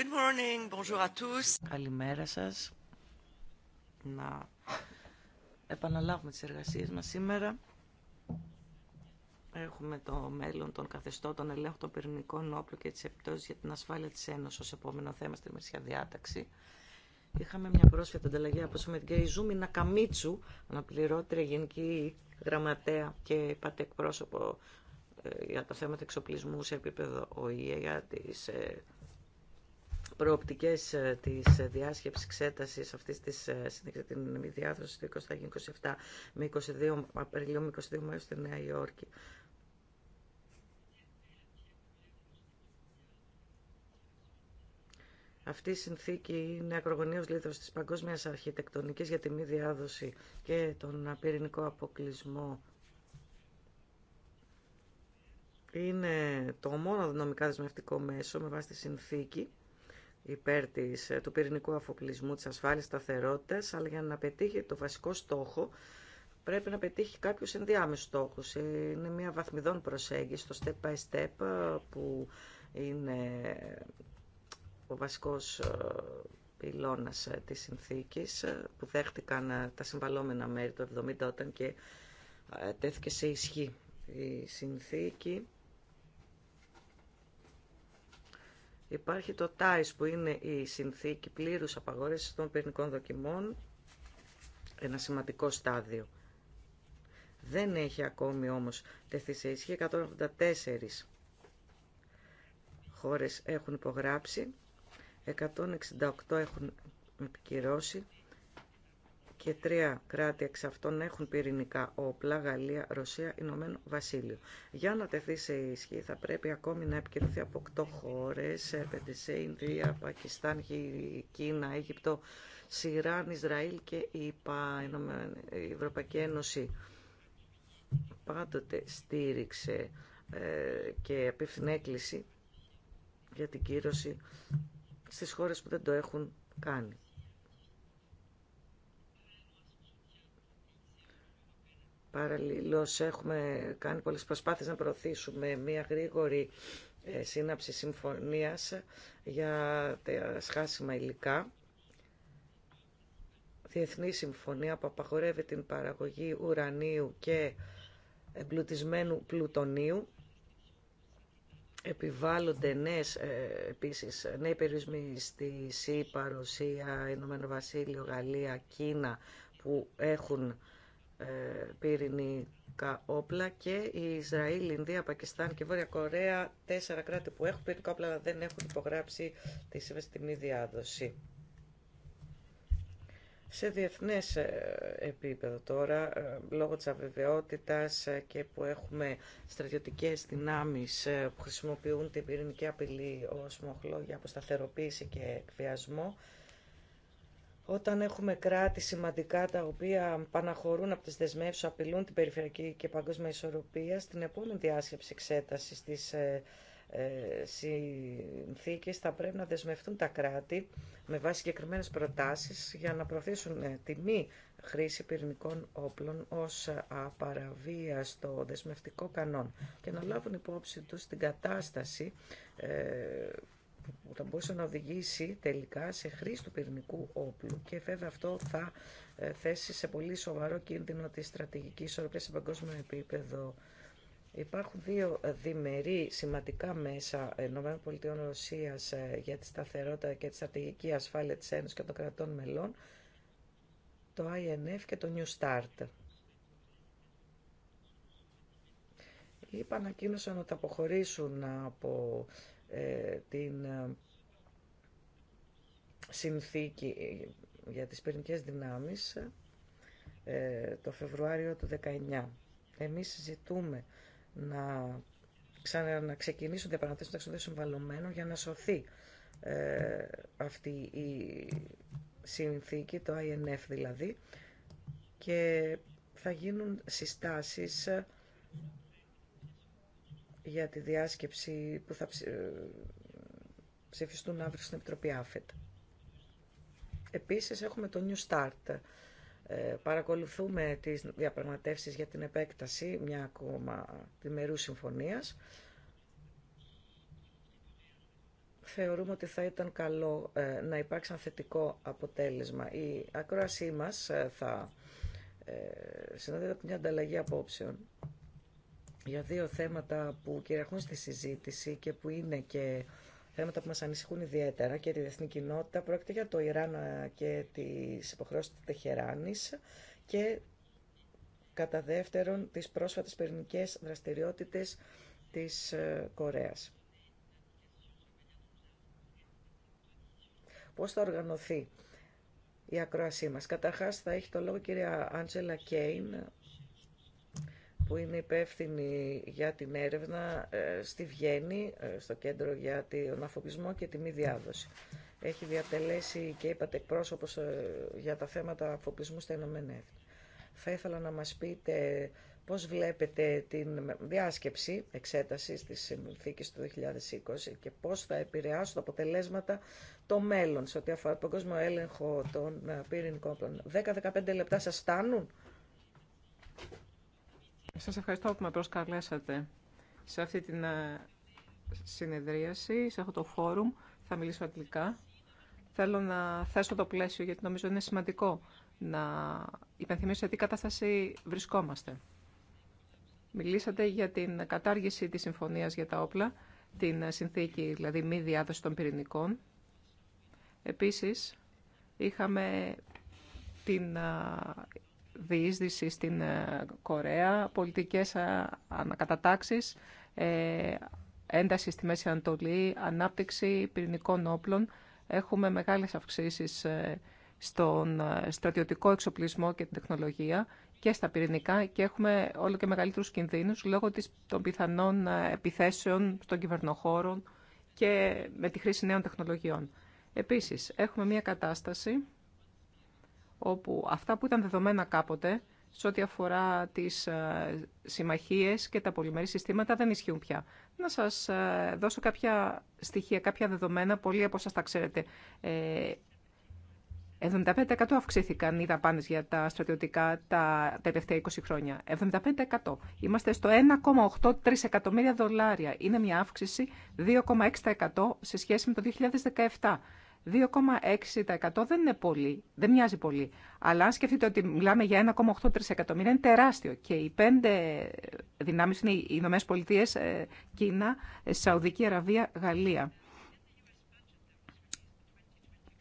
Good morning, Καλημέρα σας. Να επαναλάβουμε τις εργασίες μας σήμερα. Έχουμε το μέλλον των καθεστώτων ελέγχου των πυρηνικών όπλων και τις επιπτώσεις για την ασφάλεια της Ένωσης ως επόμενο θέμα στη Μερσιά Διάταξη. Είχαμε μια πρόσφατη ανταλλαγή από με την καμίτσου, Ιζούμι Νακαμίτσου, αναπληρώτρια γενική γραμματέα και πάτε εκπρόσωπο ε, για τα θέματα εξοπλισμού σε επίπεδο ΟΗΕ για τις ε, προοπτικές ε, της διάσκεψης εξέτασης αυτής της ε, συνεχιστικής διάδοση του 2027 με 22 Απριλίου με 22 Μαΐου στη Νέα Υόρκη. Αυτή η συνθήκη είναι ακρογωνίως λίθος της παγκόσμιας αρχιτεκτονικής για τη μη διάδοση και τον πυρηνικό αποκλεισμό. Είναι το μόνο δυναμικά δεσμευτικό μέσο με βάση τη συνθήκη υπέρ της, ε, του πυρηνικού αφοπλισμού, της ασφάλειας σταθερότητας, αλλά για να πετύχει το βασικό στόχο πρέπει να πετύχει κάποιου ενδιάμεσου στόχο. Είναι μια βαθμιδόν προσέγγιση, το step by step ε, που είναι ο βασικός ε, πυλώνας της συνθήκης που δέχτηκαν τα συμβαλόμενα μέρη το 70 όταν και τέθηκε σε ισχύ η συνθήκη Υπάρχει το ΤΑΙΣ που είναι η συνθήκη πλήρους απαγόρευσης των πυρνικών δοκιμών, ένα σημαντικό στάδιο. Δεν έχει ακόμη όμως τεθεί σε ισχύ 184 χώρες έχουν υπογράψει, 168 έχουν επικυρώσει και τρία κράτη εξ αυτών έχουν πυρηνικά όπλα, Γαλλία, Ρωσία, Ηνωμένο Βασίλειο. Για να τεθεί σε ισχύ θα πρέπει ακόμη να επικοινωθεί από 8 χώρες, Σε Ινδία, Πακιστάν, Κίνα, Αίγυπτο, Σιράν, Ισραήλ και η Ευρωπαϊκή Ένωση πάντοτε στήριξε ε, και απίφθηνε έκκληση για την κύρωση στις χώρες που δεν το έχουν κάνει. Παραλληλώς έχουμε κάνει πολλές προσπάθειες να προωθήσουμε μια γρήγορη ε, σύναψη συμφωνίας για τα σχάσιμα υλικά. Διεθνή συμφωνία που απαγορεύει την παραγωγή ουρανίου και εμπλουτισμένου πλουτονίου. Επιβάλλονται νέες, ε, επίσης, νέοι περιορισμοί στη ΣΥΠΑ, Ρωσία, Ηνωμένο Βασίλειο, Γαλλία, Κίνα που έχουν ε, πυρηνικά όπλα και η Ισραήλ, η Ινδία, Πακιστάν και Βόρεια Κορέα, τέσσερα κράτη που έχουν πυρηνικά όπλα αλλά δεν έχουν υπογράψει τη συμβεστιμή διάδοση. Σε διεθνές ε, επίπεδο τώρα, ε, λόγω της αβεβαιότητας και που έχουμε στρατιωτικές δυνάμεις που χρησιμοποιούν την πυρηνική απειλή ως μοχλό για αποσταθεροποίηση και εκβιασμό, όταν έχουμε κράτη σημαντικά τα οποία παναχωρούν από τις δεσμεύσεις, απειλούν την περιφερειακή και παγκόσμια ισορροπία, στην επόμενη διάσκεψη εξέταση της ε, ε θα πρέπει να δεσμευτούν τα κράτη με βάση συγκεκριμένε προτάσεις για να προωθήσουν ε, τη μη χρήση πυρηνικών όπλων ως απαραβία στο δεσμευτικό κανόν και να λάβουν υπόψη τους την κατάσταση ε, που θα μπορούσε να οδηγήσει τελικά σε χρήση του πυρηνικού όπλου και βέβαια αυτό θα ε, θέσει σε πολύ σοβαρό κίνδυνο τη στρατηγική ισορροπία σε παγκόσμιο επίπεδο. Υπάρχουν δύο διμερεί σημαντικά μέσα ε, ΗΠΑ Ρωσίας ε, για τη σταθερότητα και τη στρατηγική ασφάλεια της Ένωσης και των κρατών μελών, το INF και το New Start. Είπα ανακοίνωσαν ότι αποχωρήσουν από ε, την ε, συνθήκη ε, για τις πυρηνικές δυνάμεις το Φεβρουάριο του 19. Εμείς ζητούμε να ξεκινήσουν διαπραγματεύσεις μεταξύ των συμβαλωμένων για να σωθεί ε, αυτή η συνθήκη, το INF δηλαδή, και θα γίνουν συστάσεις για τη διάσκεψη που θα ε, ψηφιστούν αύριο στην Επιτροπή ΑΦΕΤ. Επίσης έχουμε το New Start. Ε, παρακολουθούμε τις διαπραγματεύσεις για την επέκταση μια ακόμα δημερού συμφωνίας. Θεωρούμε ότι θα ήταν καλό ε, να υπάρξει ένα θετικό αποτέλεσμα. Η ακρόασή μας θα συνοδεύεται από μια ανταλλαγή απόψεων για δύο θέματα που κυριαρχούν στη συζήτηση και που είναι και θέματα που μας ανησυχούν ιδιαίτερα και τη διεθνή κοινότητα. Πρόκειται για το Ιράν και τις υποχρεώσεις της Τεχεράνης και κατά δεύτερον τις πρόσφατες πυρηνικές δραστηριότητες της ε, Κορέας. Πώς θα οργανωθεί η ακρόασή μας. Καταρχάς θα έχει το λόγο κυρία Άντζελα Κέιν, που είναι υπεύθυνη για την έρευνα ε, στη Βιέννη, ε, στο κέντρο για τον αφοπισμό και τη μη διάδοση. Έχει διατελέσει και είπατε πρόσωπος ε, για τα θέματα αφοπλισμού στα Ηνωμένα Θα ήθελα να μας πείτε πώς βλέπετε την διάσκεψη εξέταση της συνθήκης του 2020 και πώς θα επηρεάσουν τα αποτελέσματα το μέλλον σε ό,τι αφορά τον κόσμο έλεγχο των πυρηνικών 10-15 λεπτά σας φτάνουν. Σας ευχαριστώ που με προσκαλέσατε σε αυτή την ε, συνεδρίαση, σε αυτό το φόρουμ. Θα μιλήσω αγγλικά. Θέλω να θέσω το πλαίσιο γιατί νομίζω είναι σημαντικό να υπενθυμίσω σε τι κατάσταση βρισκόμαστε. Μιλήσατε για την κατάργηση της συμφωνίας για τα όπλα, την ε, συνθήκη δηλαδή μη διάδοση των πυρηνικών. Επίσης, είχαμε την ε, διείσδυση στην ε, Κορέα, πολιτικές ε, ανακατατάξεις, ε, ένταση στη Μέση Ανατολή, ανάπτυξη πυρηνικών όπλων. Έχουμε μεγάλες αυξήσεις στον στρατιωτικό εξοπλισμό και την τεχνολογία και στα πυρηνικά και έχουμε όλο και μεγαλύτερους κινδύνους λόγω των πιθανών επιθέσεων στον κυβερνοχώρο και με τη χρήση νέων τεχνολογιών. Επίσης, έχουμε μια κατάσταση όπου αυτά που ήταν δεδομένα κάποτε σε ό,τι αφορά τις ε, συμμαχίες και τα πολυμερή συστήματα δεν ισχύουν πια. Να σας ε, δώσω κάποια στοιχεία, κάποια δεδομένα, πολλοί από σας τα ξέρετε. 75% ε, αυξήθηκαν οι δαπάνες για τα στρατιωτικά τα τελευταία 20 χρόνια. 75%. Είμαστε στο 1,8 τρισεκατομμύρια δολάρια. Είναι μια αύξηση 2,6% σε σχέση με το 2017. 2,6% δεν είναι πολύ, δεν μοιάζει πολύ. Αλλά αν σκεφτείτε ότι μιλάμε για 1,8 τρισεκατομμύρια, είναι τεράστιο. Και οι πέντε δυνάμεις είναι οι Ηνωμένες Πολιτείες, ε, Κίνα, ε, Σαουδική Αραβία, Γαλλία.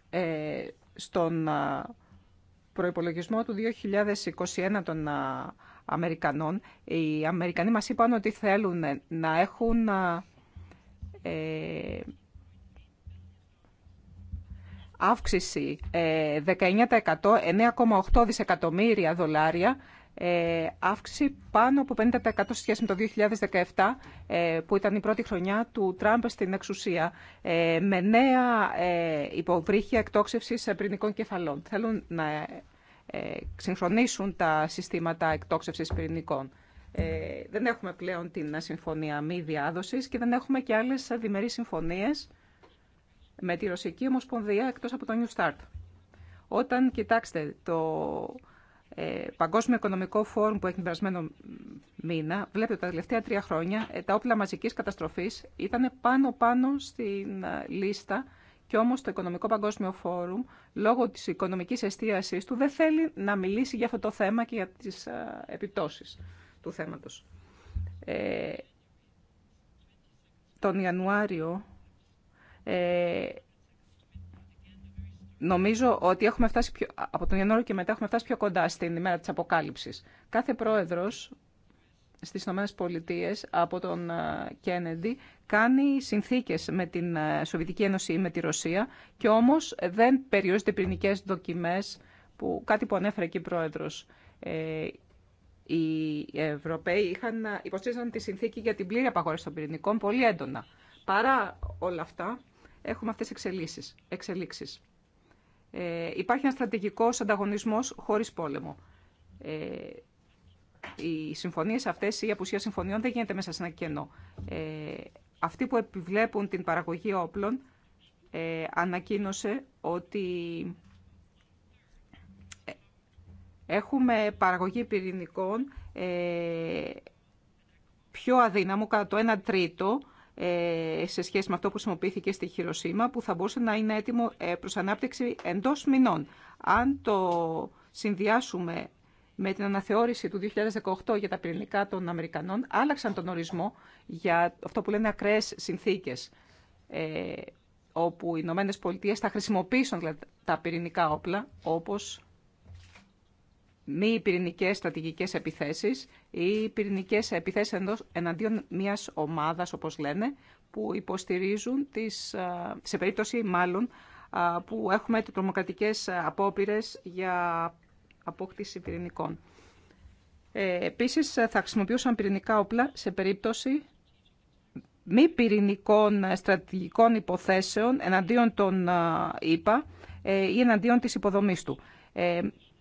Ε, στον ε, προϋπολογισμό του 2021 των Αμερικανών, οι Αμερικανοί μας είπαν ότι θέλουν να έχουν... Ε, αύξηση 19%, ε, 9,8 δισεκατομμύρια δολάρια, ε, αύξηση πάνω από 50% σε σχέση με το 2017, ε, που ήταν η πρώτη χρονιά του Τραμπ στην εξουσία, με νέα υποβρύχια εκτόξευσης πυρηνικών κεφαλών. Θέλουν να συγχρονίσουν τα συστήματα εκτόξευσης πυρηνικών. δεν έχουμε πλέον την συμφωνία μη διάδοσης και δεν έχουμε και άλλες διμερείς συμφωνίες με τη Ρωσική Ομοσπονδία εκτός από το New Start. Όταν κοιτάξτε το ε, Παγκόσμιο Οικονομικό Φόρουμ που έχει την περασμένο μήνα, βλέπετε τα τελευταία τρία χρόνια ε, τα όπλα μαζικής καταστροφής ήταν πάνω-πάνω στην ε, λίστα και όμως το Οικονομικό Παγκόσμιο Φόρουμ, λόγω της οικονομικής εστίασής του, δεν θέλει να μιλήσει για αυτό το θέμα και για τις επιπτώσεις του θέματος. Τον Ιανουάριο ε, νομίζω ότι έχουμε φτάσει πιο, από τον Ιανουάριο και μετά έχουμε φτάσει πιο κοντά στην ημέρα της αποκάλυψης. Κάθε πρόεδρος στις Ηνωμένες Πολιτείες από τον ε, Κέννεντι κάνει συνθήκες με την ε, Σοβιετική Ένωση ή με τη Ρωσία και όμως δεν περιορίζονται πυρηνικέ δοκιμές, που, κάτι που ανέφερε και η Πρόεδρος. Ε, οι Ευρωπαίοι είχαν, υποστήριζαν τη συνθήκη για την πλήρη απαγόρευση των πυρηνικών πολύ έντονα. Παρά όλα αυτά, έχουμε αυτές τις εξελίξεις. Ε, υπάρχει ένα στρατηγικός ανταγωνισμός χωρίς πόλεμο. Ε, οι συμφωνίες αυτές ή η απουσία συμφωνιών δεν γίνεται μέσα σε ένα κενό. Ε, αυτοί που επιβλέπουν την παραγωγή όπλων ε, ανακοίνωσε ότι ε, έχουμε παραγωγή πυρηνικών ε, πιο αδύναμο, κατά το 1 τρίτο, ε, σε σχέση με αυτό που χρησιμοποιήθηκε στη Χειροσύμα που θα μπορούσε να είναι έτοιμο ε, προς ανάπτυξη εντός μηνών. Αν το συνδυάσουμε με την αναθεώρηση του 2018 για τα πυρηνικά των Αμερικανών, άλλαξαν τον ορισμό για αυτό που λένε ακραίες συνθήκες, ε, όπου οι Ηνωμένε Πολιτείε θα χρησιμοποιήσουν τα πυρηνικά όπλα, όπως μη πυρηνικέ στρατηγικέ επιθέσεις ή πυρηνικέ επιθέσει εναντίον μιας ομάδας, όπως λένε, που υποστηρίζουν τις, σε περίπτωση μάλλον που έχουμε τρομοκρατικέ απόπειρε για απόκτηση πυρηνικών. Ε, επίσης, ε, θα χρησιμοποιούσαν πυρηνικά όπλα σε περίπτωση μη πυρηνικών ε, στρατηγικών υποθέσεων εναντίον των ΙΠΑ ε, ή εναντίον της υποδομής του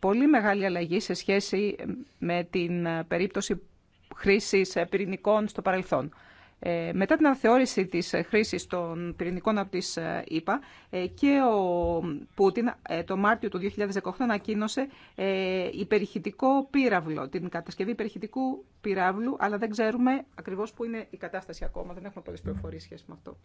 πολύ μεγάλη αλλαγή σε σχέση με την ε, περίπτωση χρήσης ε, πυρηνικών στο παρελθόν. Ε, μετά την αναθεώρηση της ε, χρήσης των πυρηνικών από τις ΕΠΑ και ο Πούτιν το Μάρτιο του 2018 ανακοίνωσε υπερηχητικό πύραυλο, την κατασκευή υπερηχητικού πυράβλου, αλλά δεν ξέρουμε ακριβώς πού είναι η κατάσταση ακόμα, δεν έχουμε πολλές πληροφορίες σχέση με αυτό.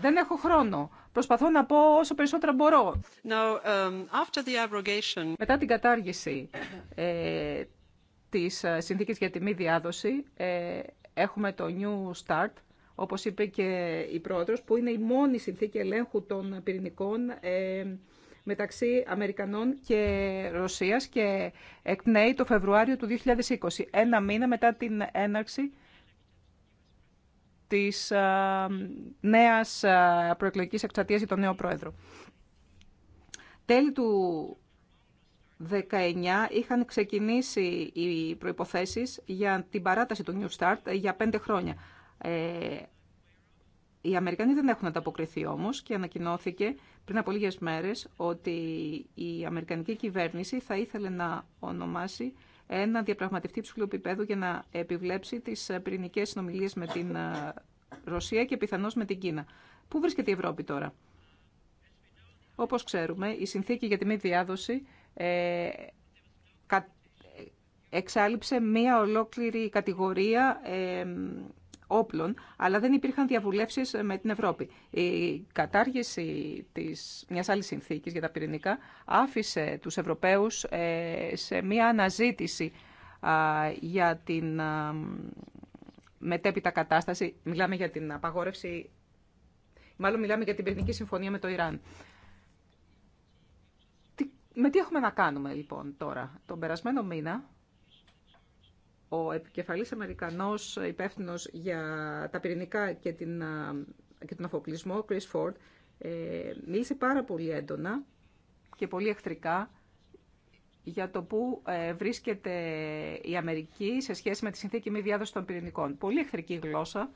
Δεν έχω χρόνο. Προσπαθώ να πω όσο περισσότερα μπορώ. Now, um, Μετά την κατάργηση ε, της ε, συνθήκης για τη μη διάδοση, ε, έχουμε το New Start, όπως είπε και η πρόεδρος, που είναι η μόνη συνθήκη ελέγχου των πυρηνικών μεταξύ Αμερικανών και Ρωσίας και εκπνέει το Φεβρουάριο του 2020, ένα μήνα μετά την έναρξη της ε, νέας ε, προεκλογικής εκστρατείας για τον νέο πρόεδρο. Τέλη του 19 είχαν ξεκινήσει οι προϋποθέσεις για την παράταση του New Start για πέντε χρόνια. Ε, οι Αμερικανοί δεν έχουν ανταποκριθεί όμως και ανακοινώθηκε πριν από λίγες μέρες ότι η Αμερικανική κυβέρνηση θα ήθελε να ονομάσει ένα διαπραγματευτή ψηλού επίπεδου για να επιβλέψει τι ε, πυρηνικέ συνομιλίε με την ε, Ρωσία και πιθανώ με την Κίνα. Πού βρίσκεται η Ευρώπη τώρα. Όπως ξέρουμε, η συνθήκη για τη μη διάδοση ε, ε εξάλληψε μία ολόκληρη κατηγορία όπλων, αλλά δεν υπήρχαν διαβουλεύσεις με την Ευρώπη. Η κατάργηση της, μιας άλλης συνθήκης για τα πυρηνικά άφησε τους Ευρωπαίους ε, σε μια αναζήτηση για την μετέπειτα κατάσταση. Μιλάμε για την απαγόρευση, μάλλον μιλάμε για την πυρηνική συμφωνία με το Ιράν. με τι έχουμε να κάνουμε λοιπόν τώρα. Τον περασμένο μήνα ο επικεφαλής Αμερικανός υπεύθυνο για τα πυρηνικά και, την, και τον αφοπλισμό, Chris Ford, ε, μίλησε πάρα πολύ έντονα και πολύ εχθρικά για το πού ε, βρίσκεται η Αμερική σε σχέση με τη συνθήκη μη διάδοση των πυρηνικών. Πολύ εχθρική γλώσσα,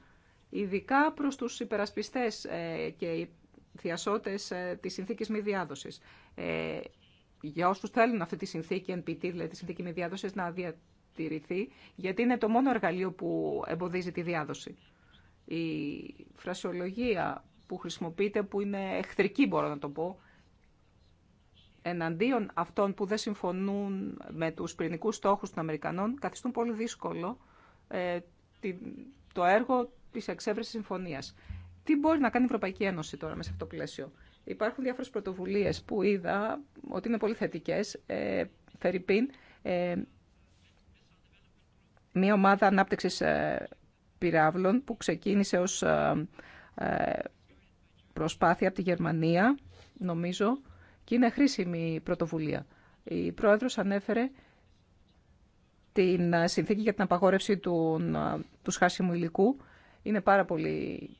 ειδικά προς τους υπερασπιστές ε, και οι θειασότες της συνθήκης μη διάδοσης. Για όσους θέλουν αυτή τη συνθήκη NPT, δηλαδή τη συνθήκη μη διάδοσης, να γιατί είναι το μόνο εργαλείο που εμποδίζει τη διάδοση. Η φρασιολογία που χρησιμοποιείται, που είναι εχθρική μπορώ να το πω, εναντίον αυτών που δεν συμφωνούν με τους πυρηνικούς στόχους των Αμερικανών, καθιστούν πολύ δύσκολο ε, το έργο της εξέβρεσης συμφωνίας. Τι μπορεί να κάνει η Ευρωπαϊκή Ένωση τώρα μέσα σε αυτό το πλαίσιο. Υπάρχουν διάφορες πρωτοβουλίες που είδα ότι είναι πολύ θετικές. Ε, ε μια ομάδα ανάπτυξης ε, πυράβλων που ξεκίνησε ως ε, ε, προσπάθεια από τη Γερμανία, νομίζω, και είναι χρήσιμη πρωτοβουλία. Η πρόεδρος ανέφερε την συνθήκη για την απαγόρευση του, του σχάσιμου υλικού. Είναι πάρα πολύ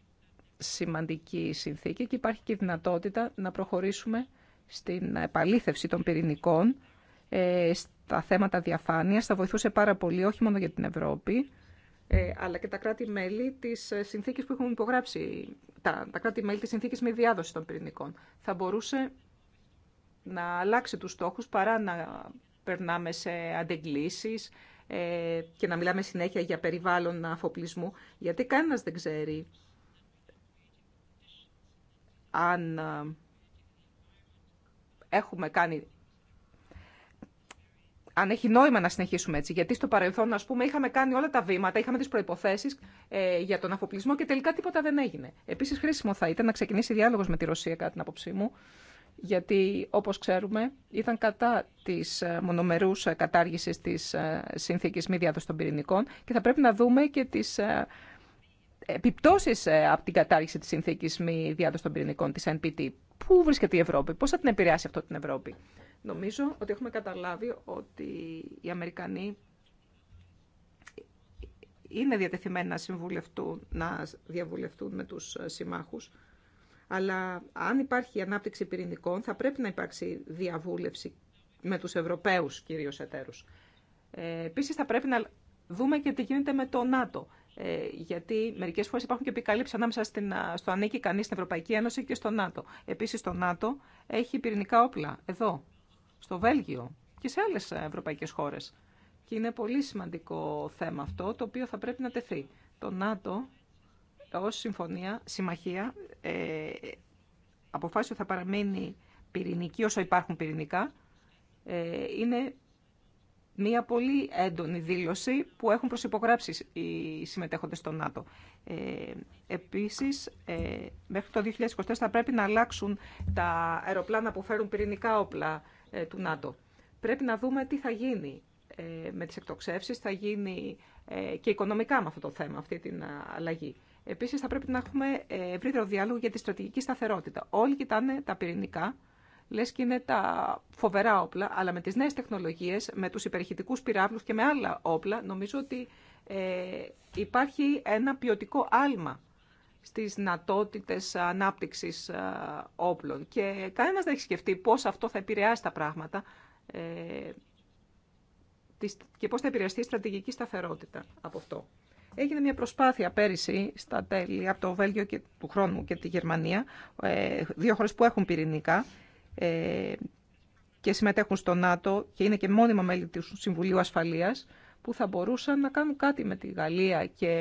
σημαντική συνθήκη και υπάρχει και η δυνατότητα να προχωρήσουμε στην επαλήθευση των πυρηνικών ε, στα θέματα διαφάνειας. Θα βοηθούσε πάρα πολύ, όχι μόνο για την Ευρώπη, ε, αλλά και τα κράτη-μέλη της ε, συνθήκης που έχουν υπογράψει, τα, τα κράτη-μέλη της με διάδοση των πυρηνικών. Θα μπορούσε να αλλάξει τους στόχους παρά να περνάμε σε αντεγκλήσεις και να μιλάμε συνέχεια για περιβάλλον αφοπλισμού, γιατί κανένας δεν ξέρει αν έχουμε κάνει αν έχει νόημα να συνεχίσουμε έτσι. Γιατί στο παρελθόν, α πούμε, είχαμε κάνει όλα τα βήματα, είχαμε τι προποθέσει ε, για τον αφοπλισμό και τελικά τίποτα δεν έγινε. Επίση, χρήσιμο θα ήταν να ξεκινήσει διάλογο με τη Ρωσία, κατά την άποψή μου, γιατί όπω ξέρουμε, ήταν κατά τη ε, μονομερού ε, κατάργηση τη συνθήκη μη διάδοση των πυρηνικών και θα πρέπει να δούμε και τι επιπτώσει από την κατάργηση τη Συνθήκη μη διάδοση των πυρηνικών τη NPT. Πού βρίσκεται η Ευρώπη, πώ θα την επηρεάσει αυτό την Ευρώπη. Νομίζω ότι έχουμε καταλάβει ότι οι Αμερικανοί είναι διατεθειμένοι να, συμβουλευτούν, να διαβουλευτούν με τους συμμάχους, αλλά αν υπάρχει ανάπτυξη πυρηνικών θα πρέπει να υπάρξει διαβούλευση με τους Ευρωπαίους κυρίως εταίρους. Ε, επίσης θα πρέπει να δούμε και τι γίνεται με το ΝΑΤΟ. Ε, γιατί μερικέ φορέ υπάρχουν και επικαλύψει ανάμεσα στο ανήκει κανεί στην Ευρωπαϊκή Ένωση και στο ΝΑΤΟ. Επίση, το ΝΑΤΟ έχει πυρηνικά όπλα εδώ στο Βέλγιο και σε άλλες ε, ευρωπαϊκές χώρες. Και είναι πολύ σημαντικό θέμα αυτό, το οποίο θα πρέπει να τεθεί. Το ΝΑΤΟ ως συμφωνία, συμμαχία, ε, αποφάσισε ότι θα παραμείνει πυρηνική όσο υπάρχουν πυρηνικά, ε, είναι μια πολύ έντονη δήλωση που έχουν προσυπογράψει οι συμμετέχοντες στο ΝΑΤΟ. Ε, επίσης, ε, μέχρι το 2024 θα πρέπει να αλλάξουν τα αεροπλάνα που φέρουν πυρηνικά όπλα ε, του ΝΑΤΟ. Πρέπει να δούμε τι θα γίνει ε, με τις εκτοξεύσεις, θα γίνει ε, και οικονομικά με αυτό το θέμα, αυτή την αλλαγή. Επίσης θα πρέπει να έχουμε ευρύτερο διάλογο για τη στρατηγική σταθερότητα. Όλοι κοιτάνε τα πυρηνικά, λες και είναι τα φοβερά όπλα, αλλά με τις νέες τεχνολογίες, με τους υπερηχητικούς πυράβλους και με άλλα όπλα, νομίζω ότι υπάρχει ένα ποιοτικό άλμα στις δυνατότητε ανάπτυξης ε, όπλων. Και κανένας δεν έχει σκεφτεί πώς αυτό θα επηρεάσει τα πράγματα ε, και πώς θα επηρεαστεί η στρατηγική σταθερότητα από αυτό. Έγινε μια προσπάθεια πέρυσι στα τέλη από το Βέλγιο και του χρόνου και τη Γερμανία, ε, δύο χώρες που έχουν πυρηνικά και συμμετέχουν στο ΝΑΤΟ και είναι και μόνιμα μέλη του Συμβουλίου Ασφαλείας, που θα μπορούσαν να κάνουν κάτι με τη Γαλλία και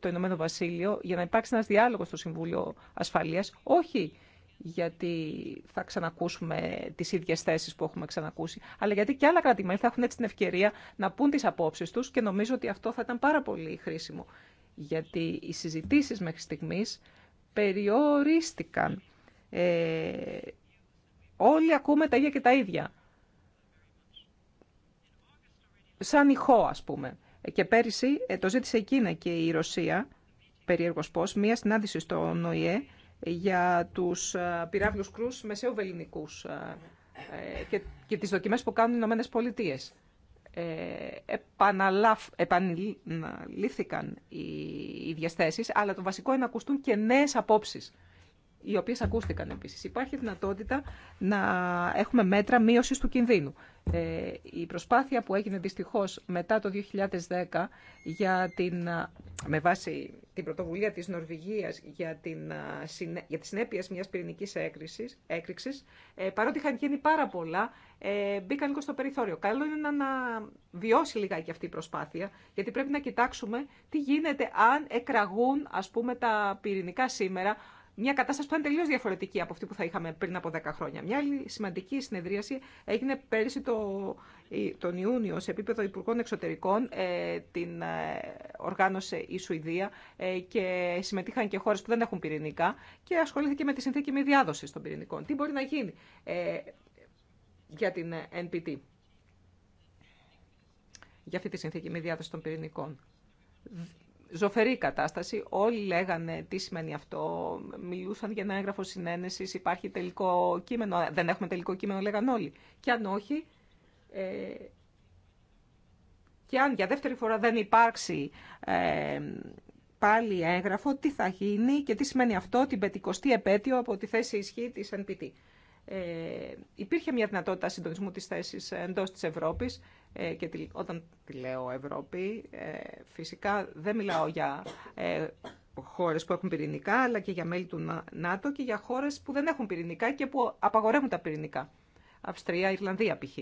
το Ηνωμένο Βασίλειο για να υπάρξει ένας διάλογος στο Συμβούλιο Ασφαλείας, όχι γιατί θα ξανακούσουμε τις ίδιες θέσεις που έχουμε ξανακούσει, αλλά γιατί και άλλα κράτη-μέλη θα έχουν έτσι την ευκαιρία να πούν τις απόψεις τους και νομίζω ότι αυτό θα ήταν πάρα πολύ χρήσιμο, γιατί οι συζητήσεις μέχρι στιγμής περιορίστηκαν. Ε, όλοι ακούμε τα ίδια και τα ίδια σαν ηχό ας πούμε. Και πέρυσι ε, το ζήτησε η Κίνα και η Ρωσία, περίεργος πώς, μία συνάντηση στο ΝΟΙΕ για τους ε, πυράβλους κρούς μεσαίου βεληνικούς ε, και, και τις δοκιμές που κάνουν οι Ηνωμένες Πολιτείες. επαναλήφθηκαν οι, οι διαστάσεις, αλλά το βασικό είναι να ακουστούν και νέες απόψεις οι οποίε ακούστηκαν επίση. Υπάρχει δυνατότητα να έχουμε μέτρα μείωση του κινδύνου. Ε, η προσπάθεια που έγινε δυστυχώ μετά το 2010 για την, με βάση την πρωτοβουλία της Νορβηγίας για, την, για τις συνέπειες μιας πυρηνικής έκρηξης, ε, παρότι είχαν γίνει πάρα πολλά, ε, μπήκαν λίγο στο περιθώριο. Καλό είναι να βιώσει λιγάκι αυτή η προσπάθεια, γιατί πρέπει να κοιτάξουμε τι γίνεται αν εκραγούν ας πούμε, τα πυρηνικά σήμερα, μια κατάσταση που είναι τελείω διαφορετική από αυτή που θα είχαμε πριν από 10 χρόνια. Μια άλλη σημαντική συνεδρίαση έγινε πέρυσι τον Ιούνιο σε επίπεδο Υπουργών Εξωτερικών. Ε, την ε, οργάνωσε η Σουηδία ε, και συμμετείχαν και χώρε που δεν έχουν πυρηνικά και ασχολήθηκε με τη συνθήκη με διάδοση των πυρηνικών. Τι μπορεί να γίνει ε, για την NPT, για αυτή τη συνθήκη με διάδοση των πυρηνικών ζωφερή κατάσταση. Όλοι λέγανε τι σημαίνει αυτό, μιλούσαν για ένα έγγραφο συνένεση, υπάρχει τελικό κείμενο, δεν έχουμε τελικό κείμενο, λέγανε όλοι. Και αν όχι, ε, και αν για δεύτερη φορά δεν υπάρξει ε, πάλι έγγραφο, τι θα γίνει και τι σημαίνει αυτό την πεντηκοστή επέτειο από τη θέση ισχύ της NPT. Ε, υπήρχε μια δυνατότητα συντονισμού της θέσης εντός της Ευρώπης ε, και όταν τη λέω Ευρώπη, ε, φυσικά δεν μιλάω για ε, χώρες που έχουν πυρηνικά, αλλά και για μέλη του ΝΑΤΟ και για χώρες που δεν έχουν πυρηνικά και που απαγορεύουν τα πυρηνικά. Αυστρία, Ιρλανδία π.χ.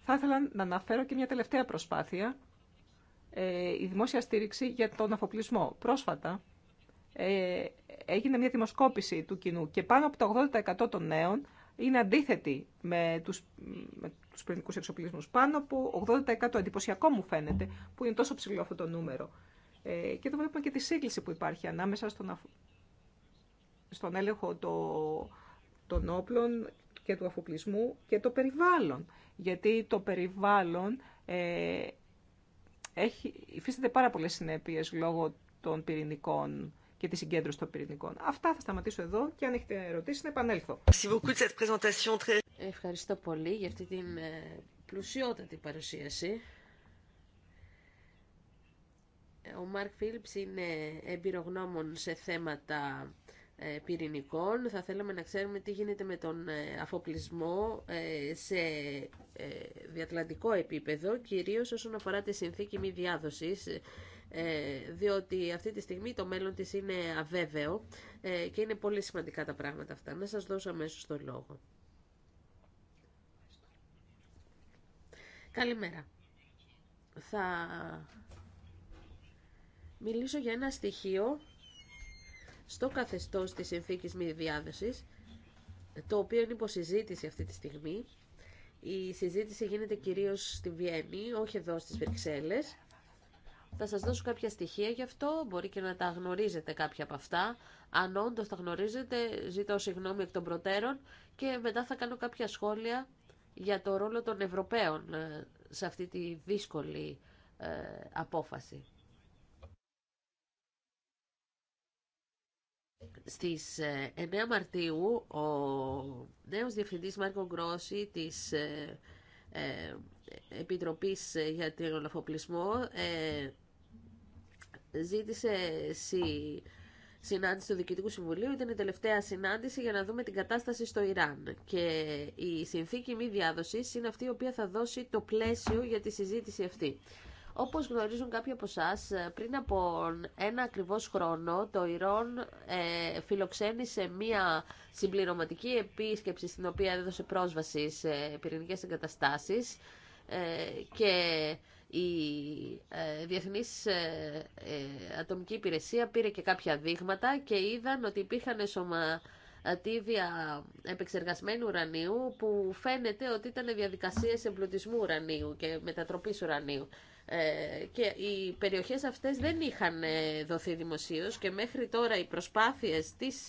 Θα ήθελα να αναφέρω και μια τελευταία προσπάθεια, η δημόσια στήριξη για τον αφοπλισμό. Πρόσφατα έγινε μια δημοσκόπηση του κοινού και πάνω από το 80% των νέων είναι αντίθετη με τους, με τους πυρηνικούς εξοπλισμούς. Πάνω από 80% εντυπωσιακό μου φαίνεται που είναι τόσο ψηλό αυτό το νούμερο. Ε, και το βλέπουμε και τη σύγκληση που υπάρχει ανάμεσα στον, στον έλεγχο το, των όπλων και του αφοπλισμού και το περιβάλλον. Γιατί το περιβάλλον ε, έχει, υφίσταται πάρα πολλές συνέπειες λόγω των πυρηνικών και τη συγκέντρωση των πυρηνικών. Αυτά θα σταματήσω εδώ και αν έχετε ερωτήσει να επανέλθω. Ευχαριστώ πολύ για αυτή την ε, πλουσιότατη παρουσίαση. Ο Μάρκ Φίλιπς είναι εμπειρογνώμων σε θέματα ε, πυρηνικών. Θα θέλαμε να ξέρουμε τι γίνεται με τον ε, αφοπλισμό σε διατλαντικό επίπεδο, κυρίως όσον αφορά τη συνθήκη μη διάδοσης ε, διότι αυτή τη στιγμή το μέλλον της είναι αβέβαιο ε, και είναι πολύ σημαντικά τα πράγματα αυτά. Να σας δώσω αμέσω το λόγο. Καλημέρα. Θα μιλήσω για ένα στοιχείο στο καθεστώς της συνθήκης μη διάδοσης, το οποίο είναι υποσυζήτηση αυτή τη στιγμή. Η συζήτηση γίνεται κυρίως στη Βιέννη, όχι εδώ στις Βρυξέλλες. Θα σας δώσω κάποια στοιχεία γι' αυτό, μπορεί και να τα γνωρίζετε κάποια από αυτά. Αν όντω τα γνωρίζετε, ζητώ συγγνώμη εκ των προτέρων και μετά θα κάνω κάποια σχόλια για το ρόλο των Ευρωπαίων ε, σε αυτή τη δύσκολη ε, απόφαση. Στις 9 ε, Μαρτίου, ο νέος διευθυντής Μάρκο Γκρόση της Επιτροπής για τον ε, ζήτησε συνάντηση του Διοικητικού Συμβουλίου. Ήταν η τελευταία συνάντηση για να δούμε την κατάσταση στο Ιράν. Και η συνθήκη μη διάδοση είναι αυτή η οποία θα δώσει το πλαίσιο για τη συζήτηση αυτή. Όπω γνωρίζουν κάποιοι από εσά, πριν από ένα ακριβώ χρόνο, το Ιράν ε, φιλοξένησε μία συμπληρωματική επίσκεψη στην οποία έδωσε πρόσβαση σε πυρηνικέ εγκαταστάσει. Ε, και η ε, Διεθνής ε, ε, Ατομική Υπηρεσία πήρε και κάποια δείγματα και είδαν ότι υπήρχαν σωμα επεξεργασμένου ουρανίου που φαίνεται ότι ήταν διαδικασίες εμπλουτισμού ουρανίου και μετατροπής ουρανίου. και οι περιοχές αυτές δεν είχαν δοθεί δημοσίως και μέχρι τώρα οι προσπάθειες της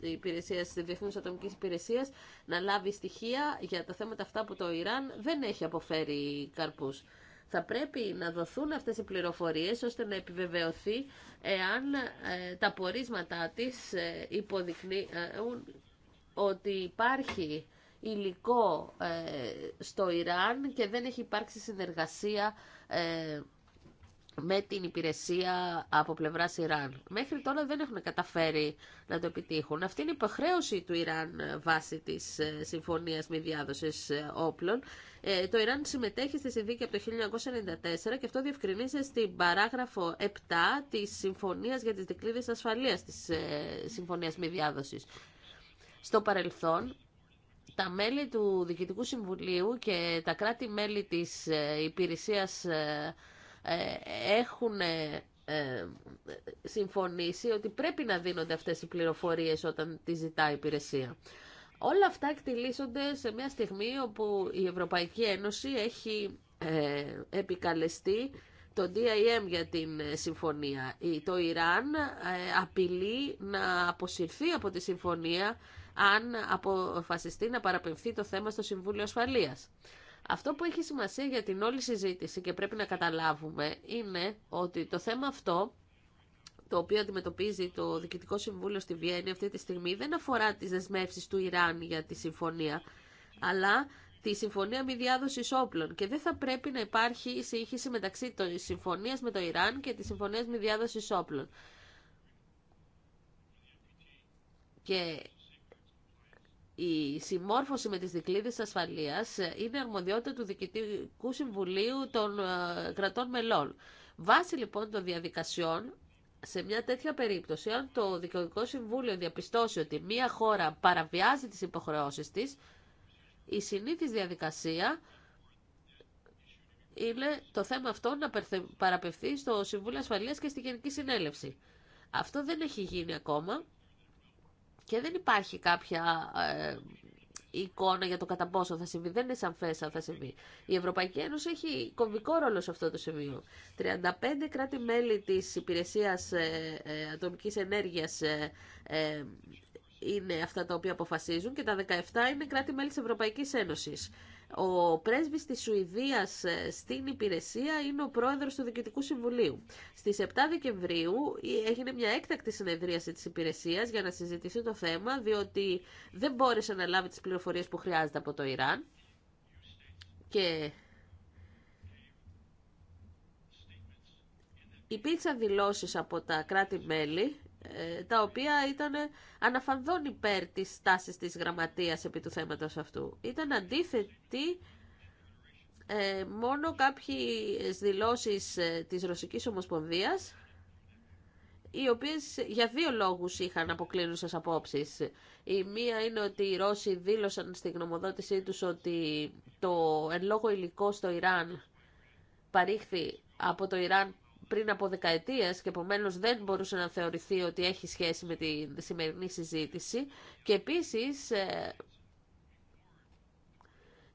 υπηρεσίας, της Διεθνούς Ατομικής Υπηρεσίας να λάβει στοιχεία για τα θέματα αυτά που το Ιράν δεν έχει αποφέρει καρπούς. Θα πρέπει να δοθούν αυτές οι πληροφορίες ώστε να επιβεβαιωθεί εάν ε, τα πορίσματά της ε, υποδεικνύουν ότι υπάρχει υλικό ε, στο Ιράν και δεν έχει υπάρξει συνεργασία με την υπηρεσία από πλευρά Ιράν. Μέχρι τώρα δεν έχουν καταφέρει να το επιτύχουν. Αυτή είναι η υποχρέωση του Ιράν βάσει τη ε, Συμφωνία Μη Διάδοση ε, Όπλων. Ε, το Ιράν συμμετέχει στη συνθήκη από το 1994 και αυτό διευκρινίζεται στην παράγραφο 7 τη Συμφωνία για τι Δικλείδε Ασφαλεία τη Συμφωνία Μη Διάδοση. Στο παρελθόν, τα μέλη του Διοικητικού Συμβουλίου και τα κράτη-μέλη της Υπηρεσίας ε, έχουν ε, ε, συμφωνήσει ότι πρέπει να δίνονται αυτές οι πληροφορίες όταν τη ζητά η υπηρεσία. Όλα αυτά εκτιλήσονται σε μια στιγμή όπου η Ευρωπαϊκή Ένωση έχει επικαλεστεί το DIM για την συμφωνία. Το Ιράν απειλεί να αποσυρθεί από τη συμφωνία αν αποφασιστεί να παραπευθεί το θέμα στο Συμβούλιο Ασφαλείας. Αυτό που έχει σημασία για την όλη συζήτηση και πρέπει να καταλάβουμε είναι ότι το θέμα αυτό το οποίο αντιμετωπίζει το Δικητικό Συμβούλιο στη Βιέννη αυτή τη στιγμή δεν αφορά τις δεσμεύσεις του Ιράν για τη συμφωνία, αλλά τη συμφωνία μη διάδοση όπλων και δεν θα πρέπει να υπάρχει σύγχυση μεταξύ τη συμφωνία με το Ιράν και τη συμφωνία μη διάδοση όπλων η συμμόρφωση με τις δικλείδες ασφαλείας είναι αρμοδιότητα του Διοικητικού Συμβουλίου των ε, κρατών μελών. Βάσει λοιπόν των διαδικασιών, σε μια τέτοια περίπτωση, αν το Δικαιωτικό Συμβούλιο διαπιστώσει ότι μια χώρα παραβιάζει τις υποχρεώσεις της, η συνήθις διαδικασία είναι το θέμα αυτό να παραπευθεί στο Συμβούλιο Ασφαλείας και στη Γενική Συνέλευση. Αυτό δεν έχει γίνει ακόμα και δεν υπάρχει κάποια ε, εικόνα για το κατά πόσο θα συμβεί. Δεν είναι σαφέ αν θα συμβεί. Η Ευρωπαϊκή Ένωση έχει κομβικό ρόλο σε αυτό το σημείο. 35 κράτη-μέλη της Υπηρεσίας ε, ε, Ατομικής Ενέργειας ε, ε, είναι αυτά τα οποία αποφασίζουν και τα 17 είναι κράτη-μέλη της Ευρωπαϊκής Ένωσης. Ο πρέσβης της Σουηδίας ε, στην υπηρεσία είναι ο πρόεδρος του Διοικητικού Συμβουλίου. Στις 7 Δεκεμβρίου ε, έγινε μια έκτακτη συνεδρίαση της υπηρεσίας για να συζητήσει το θέμα, διότι δεν μπόρεσε να λάβει τις πληροφορίες που χρειάζεται από το Ιράν. Και υπήρξαν δηλώσεις από τα κράτη-μέλη ε, τα οποία ήταν αναφανδόν υπέρ της τάσης της γραμματείας επί του θέματος αυτού. Ήταν αντίθετη ε, μόνο κάποιες δηλώσεις ε, της Ρωσικής Ομοσπονδίας οι οποίες για δύο λόγους είχαν αποκλίνουσες απόψεις. Η μία είναι ότι οι Ρώσοι δήλωσαν στη γνωμοδότησή τους ότι το εν λόγω υλικό στο Ιράν παρήχθη από το Ιράν πριν από δεκαετίες και επομένω δεν μπορούσε να θεωρηθεί ότι έχει σχέση με τη σημερινή συζήτηση και επίσης ε,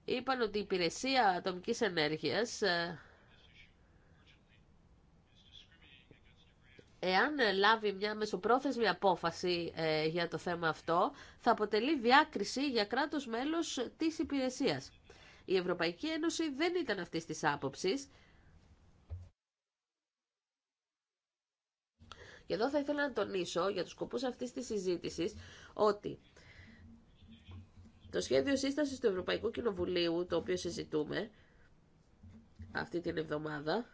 είπαν ότι η υπηρεσία ατομικής ενέργειας ε, εάν λάβει μια μεσοπρόθεσμη απόφαση ε, για το θέμα αυτό, θα αποτελεί διάκριση για κράτος μέλος της υπηρεσίας. Η Ευρωπαϊκή Ένωση δεν ήταν αυτής της άποψης Και εδώ θα ήθελα να τονίσω για τους σκοπούς αυτής της συζήτησης ότι το σχέδιο σύστασης του Ευρωπαϊκού Κοινοβουλίου, το οποίο συζητούμε αυτή την εβδομάδα,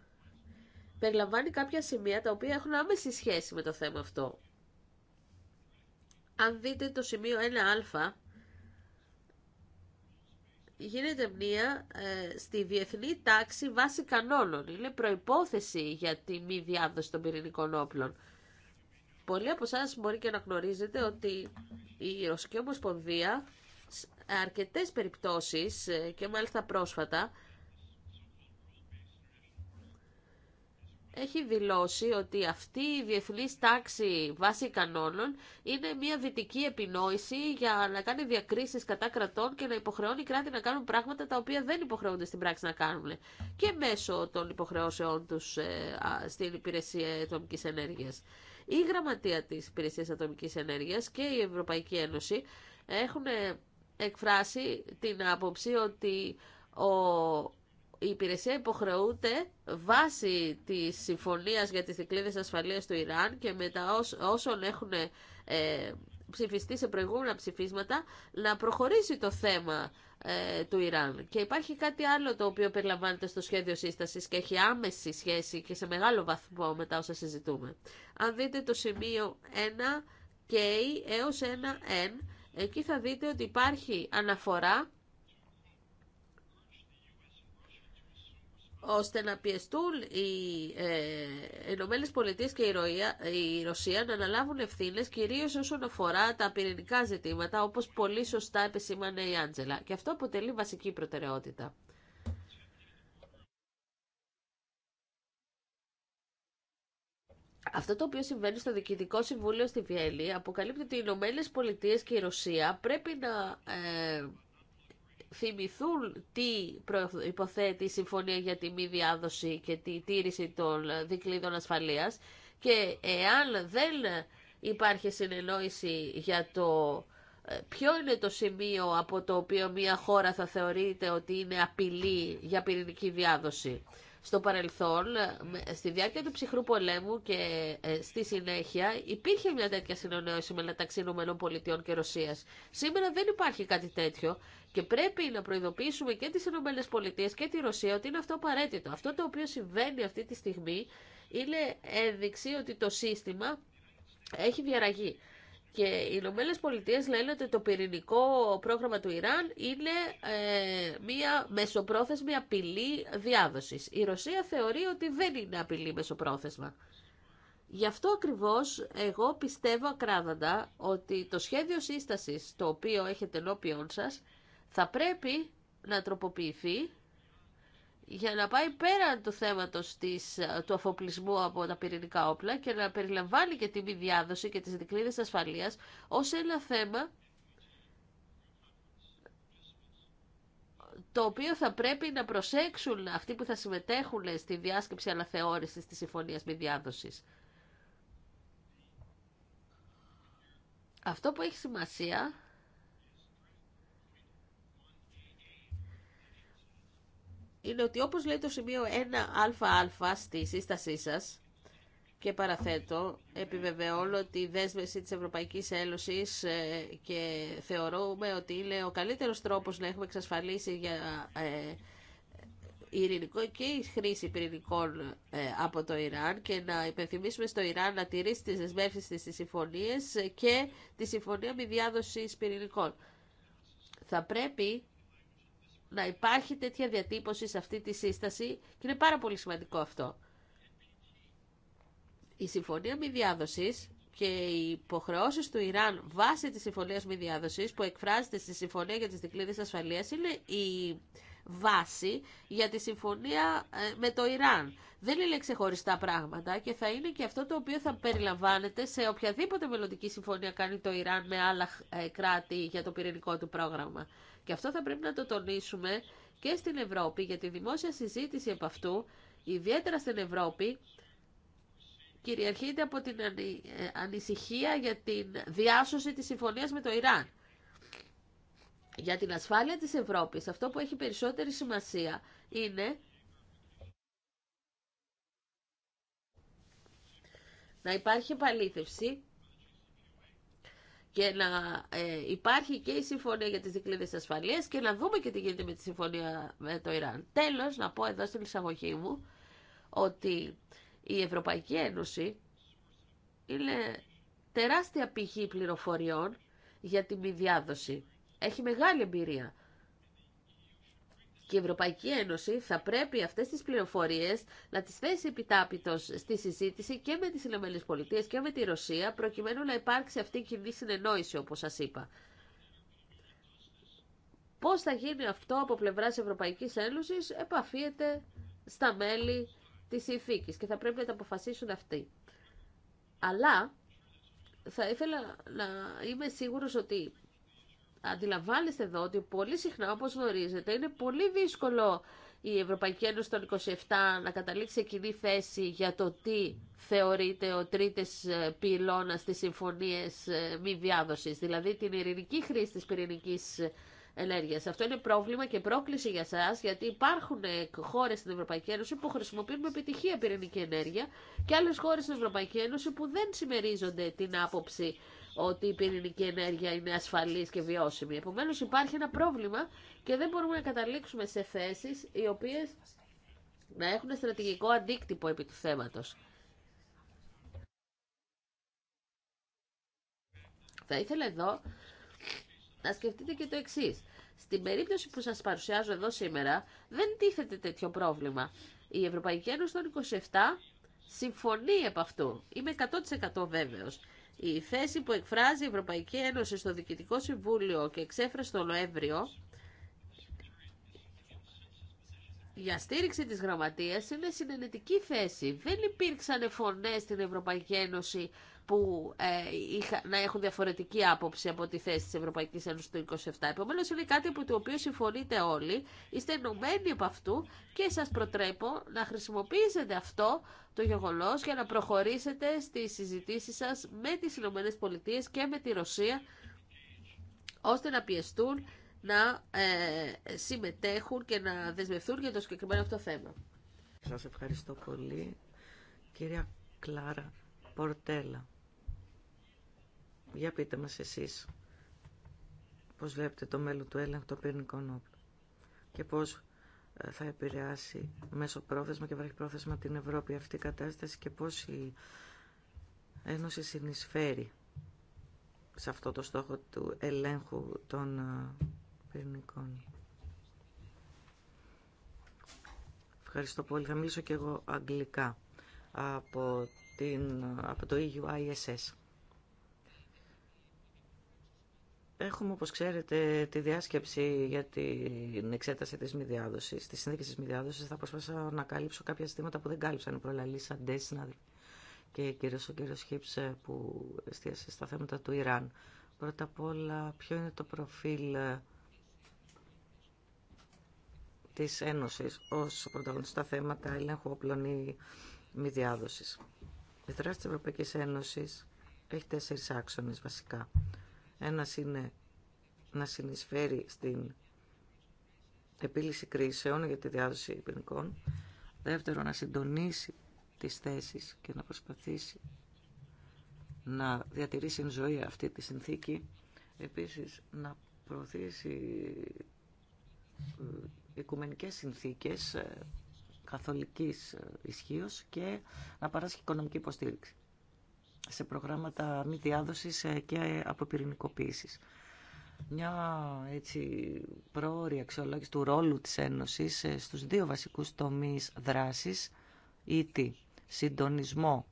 περιλαμβάνει κάποια σημεία τα οποία έχουν άμεση σχέση με το θέμα αυτό. Αν δείτε το σημείο 1α, γίνεται μία ε, στη διεθνή τάξη βάση κανόνων. Είναι προϋπόθεση για τη μη διάδοση των πυρηνικών όπλων. Πολλοί από εσά μπορεί και να γνωρίζετε ότι η Ρωσική Ομοσπονδία σε αρκετές περιπτώσεις ε, και μάλιστα πρόσφατα έχει δηλώσει ότι αυτή η διεθνή τάξη βάση κανόνων είναι μια δυτική επινόηση για να κάνει διακρίσεις κατά κρατών και να υποχρεώνει κράτη να κάνουν πράγματα τα οποία δεν υποχρεώνται στην πράξη να κάνουν και μέσω των υποχρεώσεών τους ε, στην υπηρεσία ατομικής ενέργειας η Γραμματεία της Υπηρεσίας Ατομικής Ενέργειας και η Ευρωπαϊκή Ένωση έχουν εκφράσει την άποψη ότι ο, η υπηρεσία υποχρεούται βάσει της συμφωνίας για τις δικλείδες ασφαλείας του Ιράν και μετά όσων έχουν ε, ψηφιστεί σε προηγούμενα ψηφίσματα να προχωρήσει το θέμα ε, του Ιράν. Και υπάρχει κάτι άλλο το οποίο περιλαμβάνεται στο σχέδιο σύσταση και έχει άμεση σχέση και σε μεγάλο βαθμό μετά τα όσα συζητούμε. Αν δείτε το σημείο 1K έως 1N, εκεί θα δείτε ότι υπάρχει αναφορά ώστε να πιεστούν οι ε, Ηνωμένε Πολιτείε και η, η Ρωσία να αναλάβουν ευθύνε κυρίω όσον αφορά τα πυρηνικά ζητήματα, όπω πολύ σωστά επεσήμανε η Άντζελα. Και αυτό αποτελεί βασική προτεραιότητα. Αυτό το οποίο συμβαίνει στο Διοικητικό Συμβούλιο στη Βιέλη αποκαλύπτει ότι οι Ηνωμένε και η Ρωσία πρέπει να ε, θυμηθούν τι υποθέτει η Συμφωνία για τη μη διάδοση και τη τήρηση των δικλείδων ασφαλείας και εάν δεν υπάρχει συνεννόηση για το ε, ποιο είναι το σημείο από το οποίο μια χώρα θα θεωρείται ότι είναι απειλή για πυρηνική διάδοση στο παρελθόν, στη διάρκεια του ψυχρού πολέμου και ε, στη συνέχεια, υπήρχε μια τέτοια συνεννόηση μεταξύ Πολιτείων και Ρωσία. Σήμερα δεν υπάρχει κάτι τέτοιο και πρέπει να προειδοποιήσουμε και τι Πολιτείε και τη Ρωσία ότι είναι αυτό απαραίτητο. Αυτό το οποίο συμβαίνει αυτή τη στιγμή είναι ένδειξη ότι το σύστημα έχει διαραγεί. Και οι Ηνωμένε Πολιτείε λένε ότι το πυρηνικό πρόγραμμα του Ιράν είναι ε, μια μεσοπρόθεσμη απειλή διάδοση. Η Ρωσία θεωρεί ότι δεν είναι απειλή μεσοπρόθεσμα. Γι' αυτό ακριβώς εγώ πιστεύω ακράδαντα ότι το σχέδιο σύστασης το οποίο έχετε ενώπιόν σας θα πρέπει να τροποποιηθεί για να πάει πέρα του θέματος της, του αφοπλισμού από τα πυρηνικά όπλα και να περιλαμβάνει και τη μη διάδοση και τις δικλείδες ασφαλείας ως ένα θέμα το οποίο θα πρέπει να προσέξουν αυτοί που θα συμμετέχουν στη διάσκεψη αναθεώρησης της Συμφωνίας Μη Διάδοσης. Αυτό που έχει σημασία είναι ότι όπως λέει το σημείο 1ΑΑ στη σύστασή σας και παραθέτω, επιβεβαιώνω τη δέσμευση της Ευρωπαϊκής Ένωσης ε, και θεωρούμε ότι είναι ο καλύτερος τρόπος να έχουμε εξασφαλίσει για ε, ειρηνικό και η χρήση πυρηνικών ε, από το Ιράν και να υπενθυμίσουμε στο Ιράν να τηρήσει τις δεσμεύσεις της στις συμφωνίες και τη συμφωνία με διάδοση πυρηνικών. Θα πρέπει να υπάρχει τέτοια διατύπωση σε αυτή τη σύσταση και είναι πάρα πολύ σημαντικό αυτό. Η Συμφωνία Μη Διάδοσης και οι υποχρεώσεις του Ιράν βάσει της Συμφωνίας Μη Διάδοσης που εκφράζεται στη Συμφωνία για τις Δικλείδες Ασφαλείας είναι η βάση για τη συμφωνία ε, με το Ιράν. Δεν είναι ξεχωριστά πράγματα και θα είναι και αυτό το οποίο θα περιλαμβάνεται σε οποιαδήποτε μελλοντική συμφωνία κάνει το Ιράν με άλλα ε, κράτη για το πυρηνικό του πρόγραμμα. Και αυτό θα πρέπει να το τονίσουμε και στην Ευρώπη για τη δημόσια συζήτηση από αυτού, ιδιαίτερα στην Ευρώπη, κυριαρχείται από την ε, ανησυχία για την διάσωση της συμφωνίας με το Ιράν για την ασφάλεια της Ευρώπης, αυτό που έχει περισσότερη σημασία είναι να υπάρχει επαλήθευση και να ε, υπάρχει και η συμφωνία για τις δικλείδες ασφαλείας και να δούμε και τι γίνεται με τη συμφωνία με το Ιράν. Τέλος, να πω εδώ στην εισαγωγή μου ότι η Ευρωπαϊκή Ένωση είναι τεράστια πηγή πληροφοριών για τη μη διάδοση έχει μεγάλη εμπειρία. Και η Ευρωπαϊκή Ένωση θα πρέπει αυτές τις πληροφορίες να τις θέσει επιτάπητος στη συζήτηση και με τις πολιτείες και με τη Ρωσία προκειμένου να υπάρξει αυτή η κοινή συνεννόηση όπως σας είπα. Πώς θα γίνει αυτό από πλευράς Ευρωπαϊκής Ένωσης επαφίεται στα μέλη της ηθίκης και θα πρέπει να τα αποφασίσουν αυτοί. Αλλά θα ήθελα να είμαι σίγουρος ότι αντιλαμβάνεστε εδώ ότι πολύ συχνά, όπω γνωρίζετε, είναι πολύ δύσκολο η Ευρωπαϊκή Ένωση των 27 να καταλήξει σε κοινή θέση για το τι θεωρείται ο τρίτη ε, πυλώνα της συμφωνίε μη διάδοση, δηλαδή την ειρηνική χρήση τη πυρηνική ενέργειας. Αυτό είναι πρόβλημα και πρόκληση για εσά, γιατί υπάρχουν ε, χώρε στην Ευρωπαϊκή Ένωση που χρησιμοποιούν με επιτυχία πυρηνική ενέργεια και άλλε χώρε στην Ευρωπαϊκή Ένωση που δεν συμμερίζονται την άποψη ότι η πυρηνική ενέργεια είναι ασφαλής και βιώσιμη. Επομένως υπάρχει ένα πρόβλημα και δεν μπορούμε να καταλήξουμε σε θέσεις οι οποίες να έχουν στρατηγικό αντίκτυπο επί του θέματος. Θα ήθελα εδώ να σκεφτείτε και το εξή. Στην περίπτωση που σας παρουσιάζω εδώ σήμερα, δεν τίθεται τέτοιο πρόβλημα. Η Ευρωπαϊκή Ένωση των 27 συμφωνεί από αυτού. Είμαι 100% βέβαιος. Η θέση που εκφράζει η Ευρωπαϊκή Ένωση στο Διοικητικό Συμβούλιο και εξέφρασε το Νοέμβριο για στήριξη της γραμματείας είναι συνενετική θέση. Δεν υπήρξαν φωνές στην Ευρωπαϊκή Ένωση που ε, είχα, να έχουν διαφορετική άποψη από τη θέση της Ευρωπαϊκής Ένωσης του 27. Επομένως είναι κάτι από το οποίο συμφωνείτε όλοι, είστε ενωμένοι από αυτού και σας προτρέπω να χρησιμοποιήσετε αυτό το γεγονός για να προχωρήσετε στις συζητήσεις σας με τις Ηνωμένες Πολιτείες και με τη Ρωσία ώστε να πιεστούν να ε, συμμετέχουν και να δεσμευτούν για το συγκεκριμένο αυτό θέμα. Σας ευχαριστώ πολύ, κυρία Κλάρα Πορτέλα. Για πείτε μας εσείς πώς βλέπετε το μέλλον του έλεγχου των πυρνικών όπλων και πώς ε, θα επηρεάσει μέσω πρόθεσμα και βραχυπρόθεσμα την Ευρώπη αυτή η κατάσταση και πώς η Ένωση συνεισφέρει σε αυτό το στόχο του ελέγχου των ε, πυρηνικών. Ευχαριστώ πολύ. Θα μιλήσω και εγώ αγγλικά από, την, από το EUISS. Έχουμε, όπως ξέρετε, τη διάσκεψη για την εξέταση της μη διάδοσης, της συνθήκης της μη Θα προσπαθήσω να καλύψω κάποια ζητήματα που δεν κάλυψαν οι προλαλήσαντες συνάδελφοι και κυρίως ο κύριος Χίψ ε, που εστίασε στα θέματα του Ιράν. Πρώτα απ' όλα, ποιο είναι το προφίλ ε, της Ένωσης ως πρωταγωνιστά θέματα ελέγχου όπλων ή μη διάδοσης. Η δράση της Ευρωπαϊκής Ένωσης έχει τέσσερις άξονες βασικά. Ένα είναι να συνεισφέρει στην επίλυση κρίσεων για τη διάδοση ποινικών. Δεύτερο, να συντονίσει τις θέσεις και να προσπαθήσει να διατηρήσει ζωή αυτή τη συνθήκη. Επίσης, να προωθήσει οικουμενικές συνθήκες ε, καθολικής ε, ισχύω και να παράσχει οικονομική υποστήριξη σε προγράμματα μη διάδοσης ε, και αποπυρηνικοποίησης. Μια έτσι πρόορια αξιολόγηση του ρόλου της Ένωσης στους δύο βασικούς τομείς δράσης ή e τη συντονισμό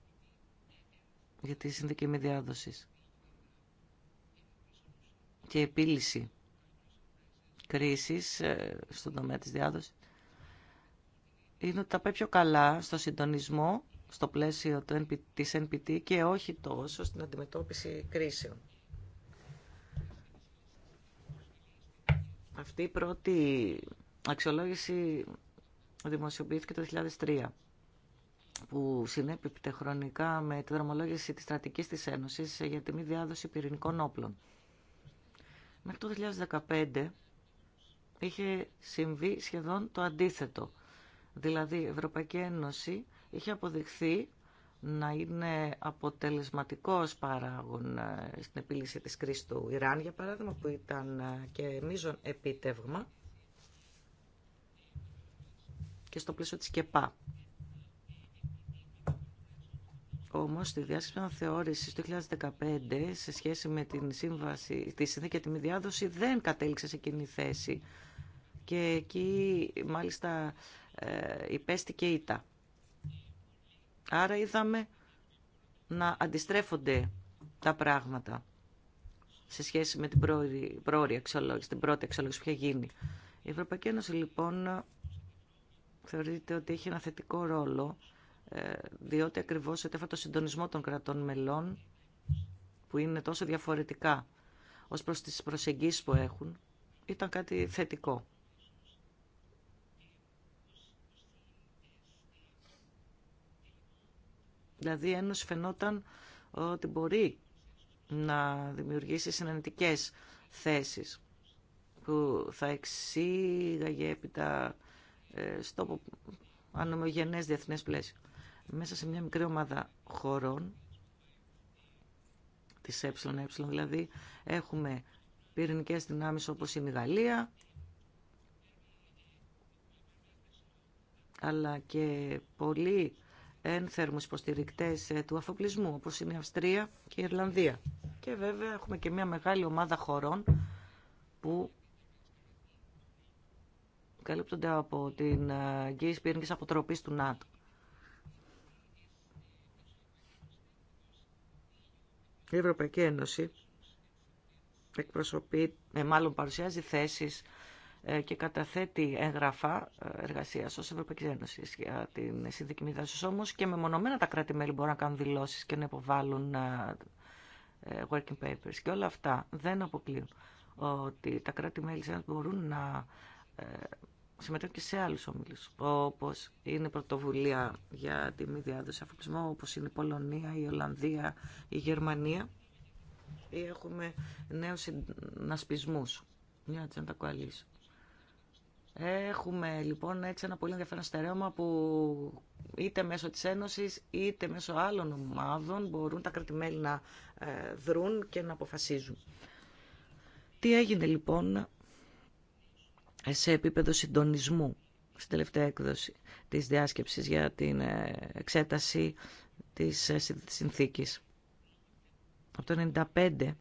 για τη συνδική μη διάδοσης και επίλυση κρίσης ε, στον τομέα της διάδοσης είναι ότι τα πάει πιο καλά στο συντονισμό, στο πλαίσιο του NPT, της NPT και όχι τόσο στην αντιμετώπιση κρίσεων. Αυτή η πρώτη αξιολόγηση δημοσιοποιήθηκε το 2003 που συνέπιπτε χρονικά με τη δρομολόγηση της στρατικής της Ένωσης για τη μη διάδοση πυρηνικών όπλων. Μέχρι το 2015 είχε συμβεί σχεδόν το αντίθετο. Δηλαδή η Ευρωπαϊκή Ένωση είχε αποδειχθεί να είναι αποτελεσματικός παράγων ε, στην επίλυση της κρίσης του Ιράν, για παράδειγμα, που ήταν ε, και μείζον επίτευγμα και στο πλαίσιο της ΚΕΠΑ. Όμως, στη διάσκεψη αναθεώρησης του 2015, σε σχέση με την σύμβαση, τη συνθήκη τη μη διάδοση, δεν κατέληξε σε κοινή θέση και εκεί μάλιστα ε, υπέστη και ήττα. Άρα είδαμε να αντιστρέφονται τα πράγματα σε σχέση με την πρώτη, πρώτη αξιολόγηση, την πρώτη αξιολόγηση που είχε γίνει. Η Ευρωπαϊκή Ένωση λοιπόν θεωρείται ότι έχει ένα θετικό ρόλο ε, διότι ακριβώς έτεφα το συντονισμό των κρατών μελών που είναι τόσο διαφορετικά ως προς τις προσεγγίσεις που έχουν ήταν κάτι θετικό. Δηλαδή η Ένωση φαινόταν ότι μπορεί να δημιουργήσει συναντικές θέσεις που θα εξήγαγε έπειτα ε, στο ανομογενές διεθνές πλαίσιο. Μέσα σε μια μικρή ομάδα χωρών της ΕΕ, δηλαδή έχουμε πυρηνικές δυνάμεις όπως είναι η Γαλλία, αλλά και πολύ ένθερμους υποστηρικτές ε, του αφοπλισμού, όπως είναι η Αυστρία και η Ιρλανδία. Και βέβαια έχουμε και μια μεγάλη ομάδα χωρών που καλύπτονται από την ε, γκέης πυρηνικής αποτροπής του ΝΑΤΟ. Η Ευρωπαϊκή Ένωση εκπροσωπεί, με μάλλον παρουσιάζει θέσεις ε, και καταθέτει έγγραφα ε, εργασία ω Ευρωπαϊκή Ένωση για την συνδίκη μητάσεω. Όμω και μεμονωμένα τα κράτη-μέλη μπορούν να κάνουν δηλώσει και να υποβάλουν ε, working papers. Και όλα αυτά δεν αποκλείουν ότι τα κράτη-μέλη μπορούν να συμμετέχουν και σε άλλου ομίλου. Όπω είναι η πρωτοβουλία για τη μη διάδοση αφοπλισμού, όπω είναι η Πολωνία, η Ολλανδία, η Γερμανία. Ή έχουμε νέου συνασπισμού. Μια τα Έχουμε λοιπόν έτσι ένα πολύ ενδιαφέρον στερέωμα που είτε μέσω της Ένωσης είτε μέσω άλλων ομάδων μπορούν τα κρατημέλη να ε, δρουν και να αποφασίζουν. Τι έγινε λοιπόν σε επίπεδο συντονισμού στην τελευταία έκδοση της διάσκεψης για την ε, εξέταση της ε, συνθήκης. Από το 1995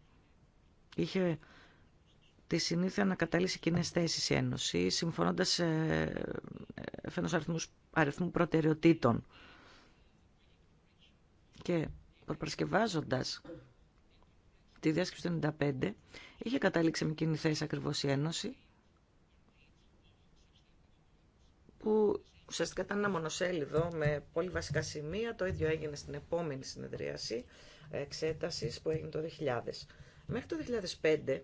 είχε τη συνήθεια να καταλύσει κοινέ θέσει η Ένωση, συμφωνώντα σε αριθμού αριθμού προτεραιοτήτων και προπαρασκευάζοντα τη διάσκεψη του 1995... είχε καταλήξει με κοινή θέση ακριβώ η Ένωση, που ουσιαστικά ήταν ένα μονοσέλιδο με πολύ βασικά σημεία. Το ίδιο έγινε στην επόμενη συνεδρίαση ε, εξέτασης που έγινε το 2000. Μέχρι το 2005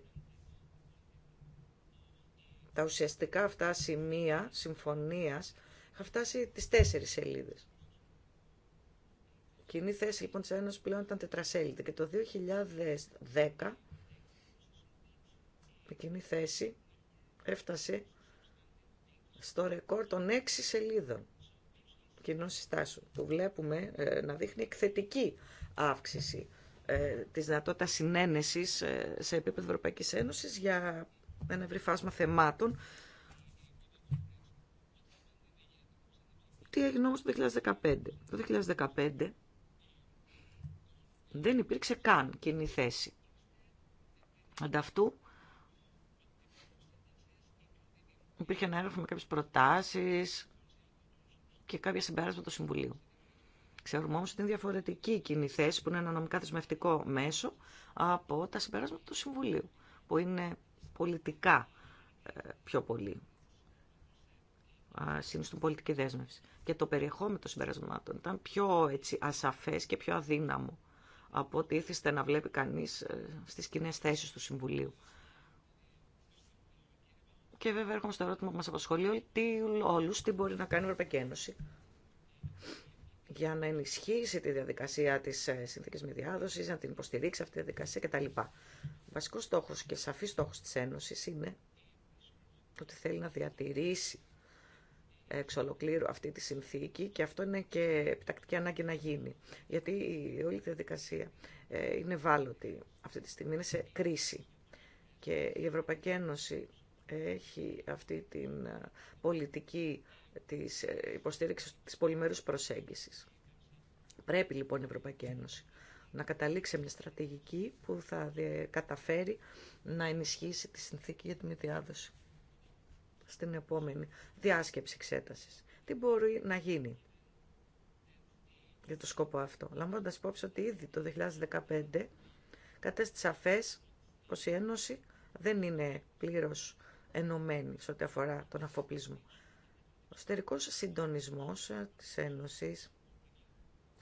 τα ουσιαστικά αυτά σημεία συμφωνίας είχα φτάσει τις τέσσερις σελίδες. Η κοινή θέση λοιπόν της Ένωσης πλέον ήταν τετρασέλιδη και το 2010 η κοινή θέση έφτασε στο ρεκόρ των έξι σελίδων κοινών συστάσεων που βλέπουμε ε, να δείχνει εκθετική αύξηση ε, της δυνατότητας συνένεσης ε, σε επίπεδο Ευρωπαϊκής Ένωσης για ένα ευρύ φάσμα θεμάτων. Τι έγινε όμως το 2015. Το 2015 δεν υπήρξε καν κοινή θέση. Ανταυτού υπήρχε ένα έγραφο με κάποιες προτάσεις και κάποια συμπέρασμα του Συμβουλίου. Ξέρουμε όμως ότι είναι διαφορετική η κοινή θέση που είναι ένα νομικά θεσμευτικό μέσο από τα συμπεράσματα του Συμβουλίου που είναι πολιτικά ε, πιο πολύ. Συνιστούν πολιτική δέσμευση. Και το περιεχόμενο των συμπερασμάτων ήταν πιο έτσι, ασαφές και πιο αδύναμο από ό,τι ήθιστε να βλέπει κανείς ε, στις κοινέ θέσεις του Συμβουλίου. Και βέβαια έρχομαι στο ερώτημα που μας απασχολεί τι, όλους, τι μπορεί να κάνει η Ευρωπαϊκή Ένωση για να ενισχύσει τη διαδικασία της ε, συνθήκης με διάδοση να την υποστηρίξει αυτή τη διαδικασία κτλ βασικός στόχος και σαφής στόχος της Ένωσης είναι ότι θέλει να διατηρήσει εξ ολοκλήρου αυτή τη συνθήκη και αυτό είναι και επιτακτική ανάγκη να γίνει. Γιατί η όλη η διαδικασία ε, είναι βάλωτη αυτή τη στιγμή, είναι σε κρίση. Και η Ευρωπαϊκή Ένωση έχει αυτή την ε, πολιτική της ε, υποστήριξης της πολυμερούς προσέγγισης. Πρέπει λοιπόν η Ευρωπαϊκή Ένωση να καταλήξει μια στρατηγική που θα καταφέρει να ενισχύσει τη συνθήκη για τη μη διάδοση στην επόμενη διάσκεψη εξέταση. Τι μπορεί να γίνει για το σκόπο αυτό. Λαμβάνοντας υπόψη ότι ήδη το 2015 κατέστη σαφέ πω η Ένωση δεν είναι πλήρω ενωμένη σε ό,τι αφορά τον αφοπλισμό. Ο εσωτερικό συντονισμός ε, της Ένωσης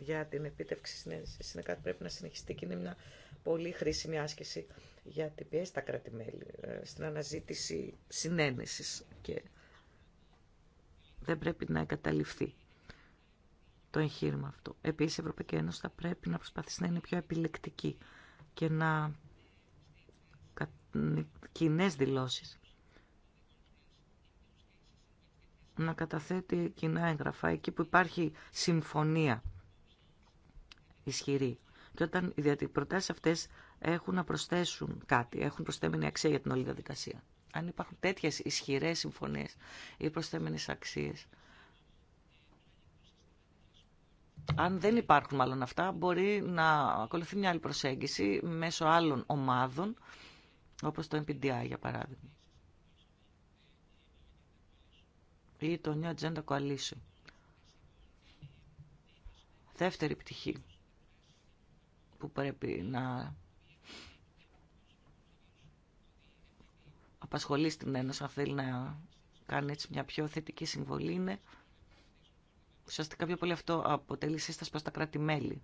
για την επίτευξη συνένεσης είναι κάτι πρέπει να συνεχιστεί και είναι μια πολύ χρήσιμη άσκηση για την πιέση στα κράτη-μέλη ε, στην αναζήτηση συνένεσης και δεν πρέπει να εγκαταλειφθεί το εγχείρημα αυτό. Επίσης η Ευρωπαϊκή Ένωση θα πρέπει να προσπαθήσει να είναι πιο επιλεκτική και να κοινέ δηλώσεις να καταθέτει κοινά έγγραφα εκεί που υπάρχει συμφωνία ισχυρή. Και όταν οι προτάσει αυτέ έχουν να προσθέσουν κάτι, έχουν προσθέμενη αξία για την όλη διαδικασία. Αν υπάρχουν τέτοιε ισχυρέ συμφωνίε ή προσθέμενε αξίε, αν δεν υπάρχουν μάλλον αυτά, μπορεί να ακολουθεί μια άλλη προσέγγιση μέσω άλλων ομάδων, όπως το MPDI για παράδειγμα. Ή το New Agenda Coalition. Δεύτερη πτυχή που πρέπει να απασχολεί στην Ένωση αν θέλει να κάνει έτσι μια πιο θετική συμβολή είναι ουσιαστικά πιο πολύ αυτό αποτελεί σύσταση προς τα κράτη-μέλη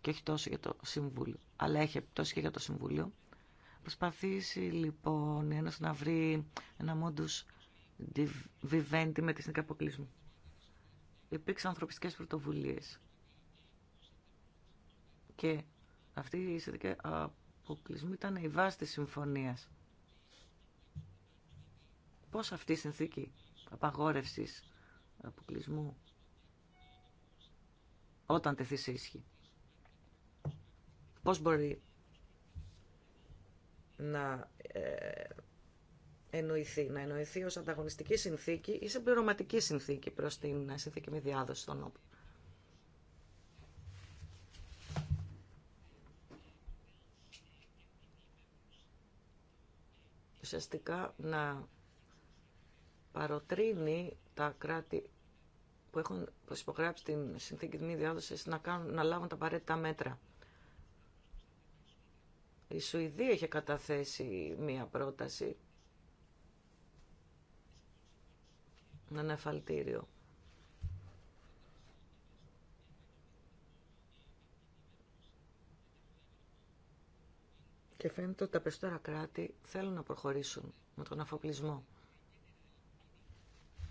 και όχι τόσο για το Συμβούλιο, αλλά έχει τόσο και για το Συμβούλιο. Προσπαθήσει λοιπόν η Ένωση να βρει ένα μόντους βιβέντη με τη συνήθεια αποκλεισμού. Υπήρξαν ανθρωπιστικές πρωτοβουλίες και αυτή η σχετική αποκλεισμή ήταν η βάση της συμφωνίας. Πώς αυτή η συνθήκη απαγόρευσης αποκλεισμού όταν τεθεί σε ίσχυ. Πώς μπορεί να ε, εννοηθεί, να εννοηθεί ως ανταγωνιστική συνθήκη ή σε πληρωματική συνθήκη προς την συνθήκη με διάδοση των όπλων. ουσιαστικά να παροτρύνει τα κράτη που έχουν υπογράψει την συνθήκη μη διάδοση να, κάνουν, να λάβουν τα απαραίτητα μέτρα. Η Σουηδία είχε καταθέσει μία πρόταση ένα εφαλτήριο και φαίνεται ότι τα περισσότερα κράτη θέλουν να προχωρήσουν με τον αφοπλισμό.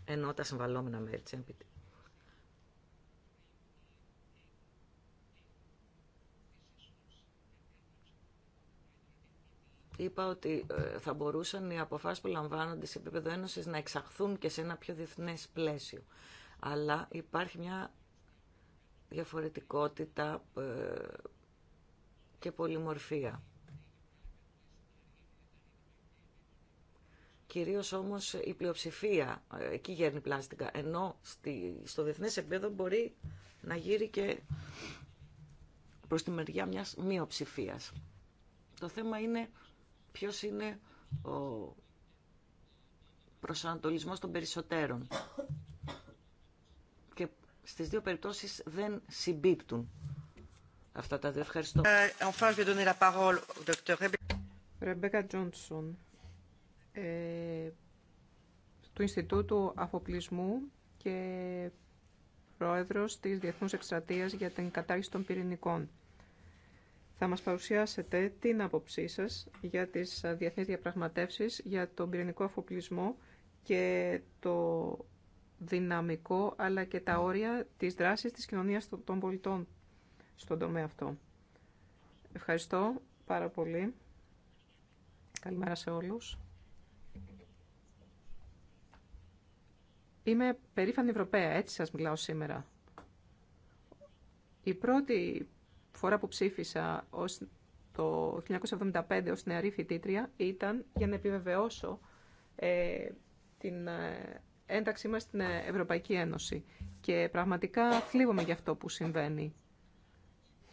Ενώ τα συμβαλόμενα μέρη της Είπα ότι ε, θα μπορούσαν οι αποφάσεις που λαμβάνονται σε επίπεδο ένωσης να εξαχθούν και σε ένα πιο διεθνές πλαίσιο. Αλλά υπάρχει μια διαφορετικότητα ε, και πολυμορφία. Κυρίως όμως η πλειοψηφία ε, εκεί γέρνει πλάστικα, ενώ στη, στο διεθνές επίπεδο μπορεί να γύρει και προς τη μεριά μιας μειοψηφίας. Το θέμα είναι ποιος είναι ο προσανατολισμός των περισσότερων. Και στις δύο περιπτώσεις δεν συμπίπτουν αυτά τα δύο. Ευχαριστώ. Ε, Rebecca Johnson. Ε, του Ινστιτούτου Αφοπλισμού και πρόεδρος της Διεθνούς Εκστρατείας για την Κατάργηση των Πυρηνικών. Θα μας παρουσιάσετε την άποψή σας για τις διεθνείς διαπραγματεύσεις για τον πυρηνικό αφοπλισμό και το δυναμικό αλλά και τα όρια της δράσης της κοινωνίας των πολιτών στον τομέα αυτό. Ευχαριστώ πάρα πολύ. Καλημέρα σε όλους. Είμαι περήφανη Ευρωπαία, έτσι σας μιλάω σήμερα. Η πρώτη φορά που ψήφισα ως το 1975 ως νεαρή φοιτήτρια ήταν για να επιβεβαιώσω ε, την ε, ένταξή μας στην ε, Ευρωπαϊκή Ένωση. Και πραγματικά θλίβομαι για αυτό που συμβαίνει.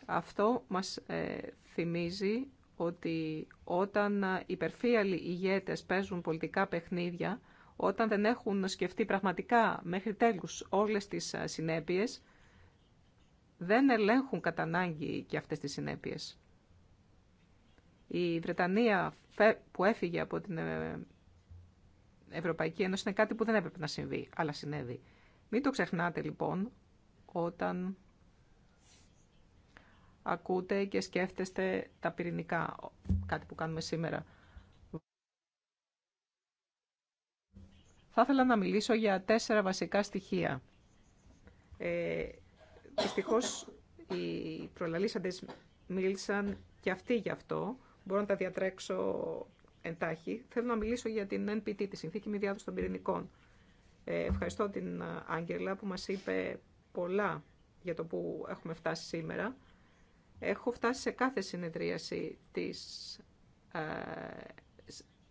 Αυτό μας θυμίζει ότι όταν υπερφύαλοι ηγέτες παίζουν πολιτικά παιχνίδια όταν δεν έχουν σκεφτεί πραγματικά μέχρι τέλους όλες τις ε, συνέπειες, δεν ελέγχουν κατά ανάγκη και αυτές τις συνέπειες. Η Βρετανία που έφυγε από την ε, Ευρωπαϊκή Ένωση είναι κάτι που δεν έπρεπε να συμβεί, αλλά συνέβη. Μην το ξεχνάτε λοιπόν όταν ακούτε και σκέφτεστε τα πυρηνικά, κάτι που κάνουμε σήμερα. Θα ήθελα να μιλήσω για τέσσερα βασικά στοιχεία. Ε, Δυστυχώ οι προλαλήσαντες μίλησαν και αυτοί γι' αυτό. Μπορώ να τα διατρέξω εντάχει. Θέλω να μιλήσω για την NPT, τη Συνθήκη Μη Διάδοση των Πυρηνικών. Ε, ευχαριστώ την Άγγελα που μας είπε πολλά για το που έχουμε φτάσει σήμερα. Έχω φτάσει σε κάθε συνεδρίαση της ε,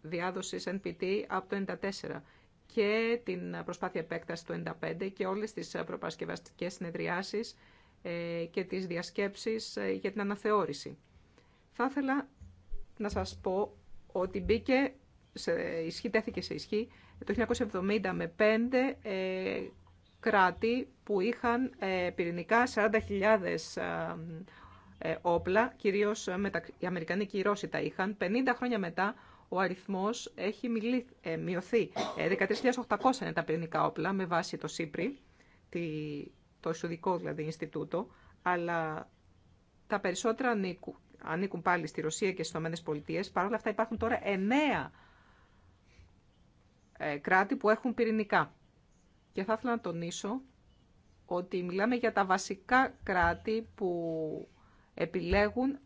διάδοσης NPT από το 1994 και την προσπάθεια επέκταση του 1995 και όλες τις προπασκευαστικές συνεδριάσεις ε, και τις διασκέψεις ε, για την αναθεώρηση. Θα ήθελα να σας πω ότι μπήκε, σε ισχύ, τέθηκε σε ισχύ το 1970 με πέντε ε, κράτη που είχαν πυρηνικά 40.000 όπλα, κυρίως οι Αμερικανοί και οι Ρώσοι τα είχαν. 50 χρόνια μετά ο αριθμό έχει ε, μειωθεί. 13.800 ε, είναι τα πυρηνικά όπλα με βάση το ΣΥΠΡΙ, το Ισουδικό δηλαδή Ινστιτούτο, αλλά τα περισσότερα ανήκουν, ανήκουν πάλι στη Ρωσία και στι ΗΠΑ. Παρ' όλα αυτά υπάρχουν τώρα εννέα ε, κράτη που έχουν πυρηνικά. Και θα ήθελα να τονίσω ότι μιλάμε για τα βασικά κράτη που επιλέγουν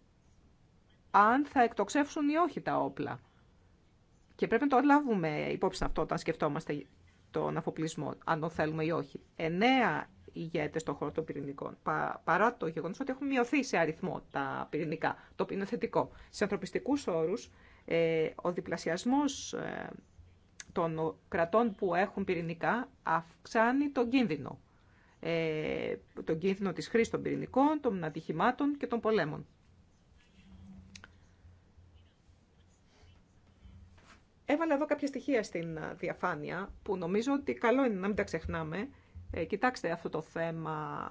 αν θα εκτοξεύσουν ή όχι τα όπλα. Και πρέπει να το λάβουμε υπόψη αυτό όταν σκεφτόμαστε τον αφοπλισμό, αν το θέλουμε ή όχι. Εννέα ηγέτε στον χώρο των πυρηνικών. παρά το γεγονό ότι έχουν μειωθεί σε αριθμό τα πυρηνικά, το οποίο είναι θετικό. Σε ανθρωπιστικού όρου, ε, ο διπλασιασμό ε, των κρατών που έχουν πυρηνικά αυξάνει τον κίνδυνο. Ε, τον κίνδυνο της χρήση των πυρηνικών, των ατυχημάτων και των πολέμων. Έβαλα εδώ κάποια στοιχεία στην διαφάνεια που νομίζω ότι καλό είναι να μην τα ξεχνάμε. Ε, κοιτάξτε αυτό το θέμα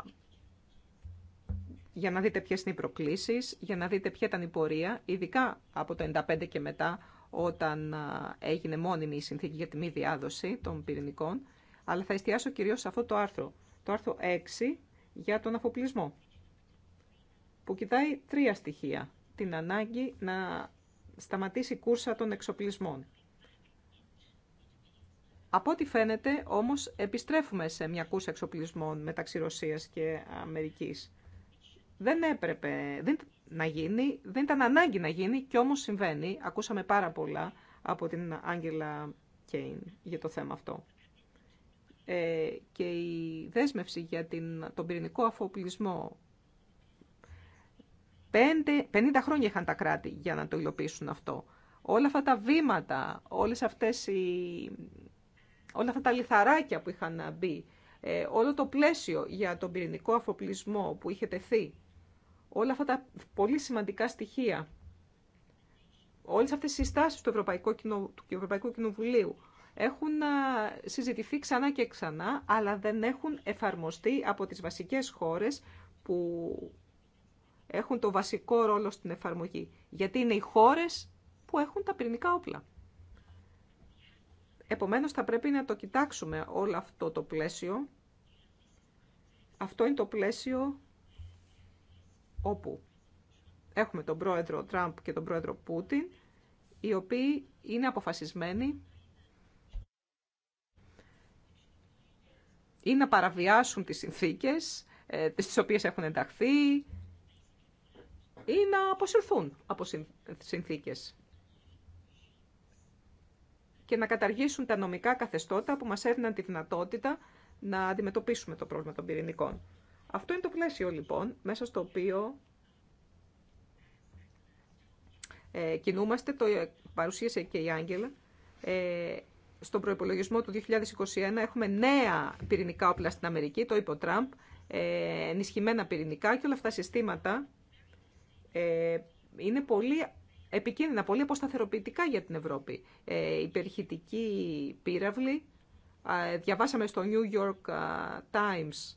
για να δείτε ποιες είναι οι προκλήσεις, για να δείτε ποια ήταν η πορεία, ειδικά από το 1995 και μετά, όταν έγινε μόνιμη η συνθήκη για τη μη διάδοση των πυρηνικών, αλλά θα εστιάσω κυρίως σε αυτό το άρθρο, το άρθρο 6 για τον αφοπλισμό, που κοιτάει τρία στοιχεία. Την ανάγκη να σταματήσει η κούρσα των εξοπλισμών, από ό,τι φαίνεται, όμως, επιστρέφουμε σε μιακούς εξοπλισμών μεταξύ Ρωσίας και Αμερικής. Δεν έπρεπε δεν, να γίνει, δεν ήταν ανάγκη να γίνει και όμως συμβαίνει. Ακούσαμε πάρα πολλά από την Άγγελα Κέιν για το θέμα αυτό. Ε, και η δέσμευση για την, τον πυρηνικό αφοπλισμό 50 χρόνια είχαν τα κράτη για να το υλοποιήσουν αυτό. Όλα αυτά τα βήματα, όλες αυτές οι όλα αυτά τα λιθαράκια που είχαν μπει, ε, όλο το πλαίσιο για τον πυρηνικό αφοπλισμό που είχε τεθεί, όλα αυτά τα πολύ σημαντικά στοιχεία, όλες αυτές οι συστάσεις του Ευρωπαϊκού, του Ευρωπαϊκού Κοινοβουλίου έχουν συζητηθεί ξανά και ξανά, αλλά δεν έχουν εφαρμοστεί από τις βασικές χώρες που έχουν το βασικό ρόλο στην εφαρμογή. Γιατί είναι οι χώρες που έχουν τα πυρηνικά όπλα. Επομένως θα πρέπει να το κοιτάξουμε όλο αυτό το πλαίσιο. Αυτό είναι το πλαίσιο όπου έχουμε τον πρόεδρο Τραμπ και τον πρόεδρο Πούτιν, οι οποίοι είναι αποφασισμένοι ή να παραβιάσουν τις συνθήκες ε, στις οποίες έχουν ενταχθεί ή να αποσυρθούν από συνθήκες και να καταργήσουν τα νομικά καθεστώτα που μας έδιναν τη δυνατότητα να αντιμετωπίσουμε το πρόβλημα των πυρηνικών. Αυτό είναι το πλαίσιο λοιπόν, μέσα στο οποίο ε, κινούμαστε, το ε, παρουσίασε και η Άγγελα, ε, στον προϋπολογισμό του 2021 έχουμε νέα πυρηνικά όπλα στην Αμερική, το είπε ο Τραμπ, ε, ενισχυμένα πυρηνικά και όλα αυτά τα συστήματα ε, είναι πολύ επικίνδυνα, πολύ αποσταθεροποιητικά για την Ευρώπη. Ε, υπερχητική πύραυλη. διαβάσαμε στο New York Times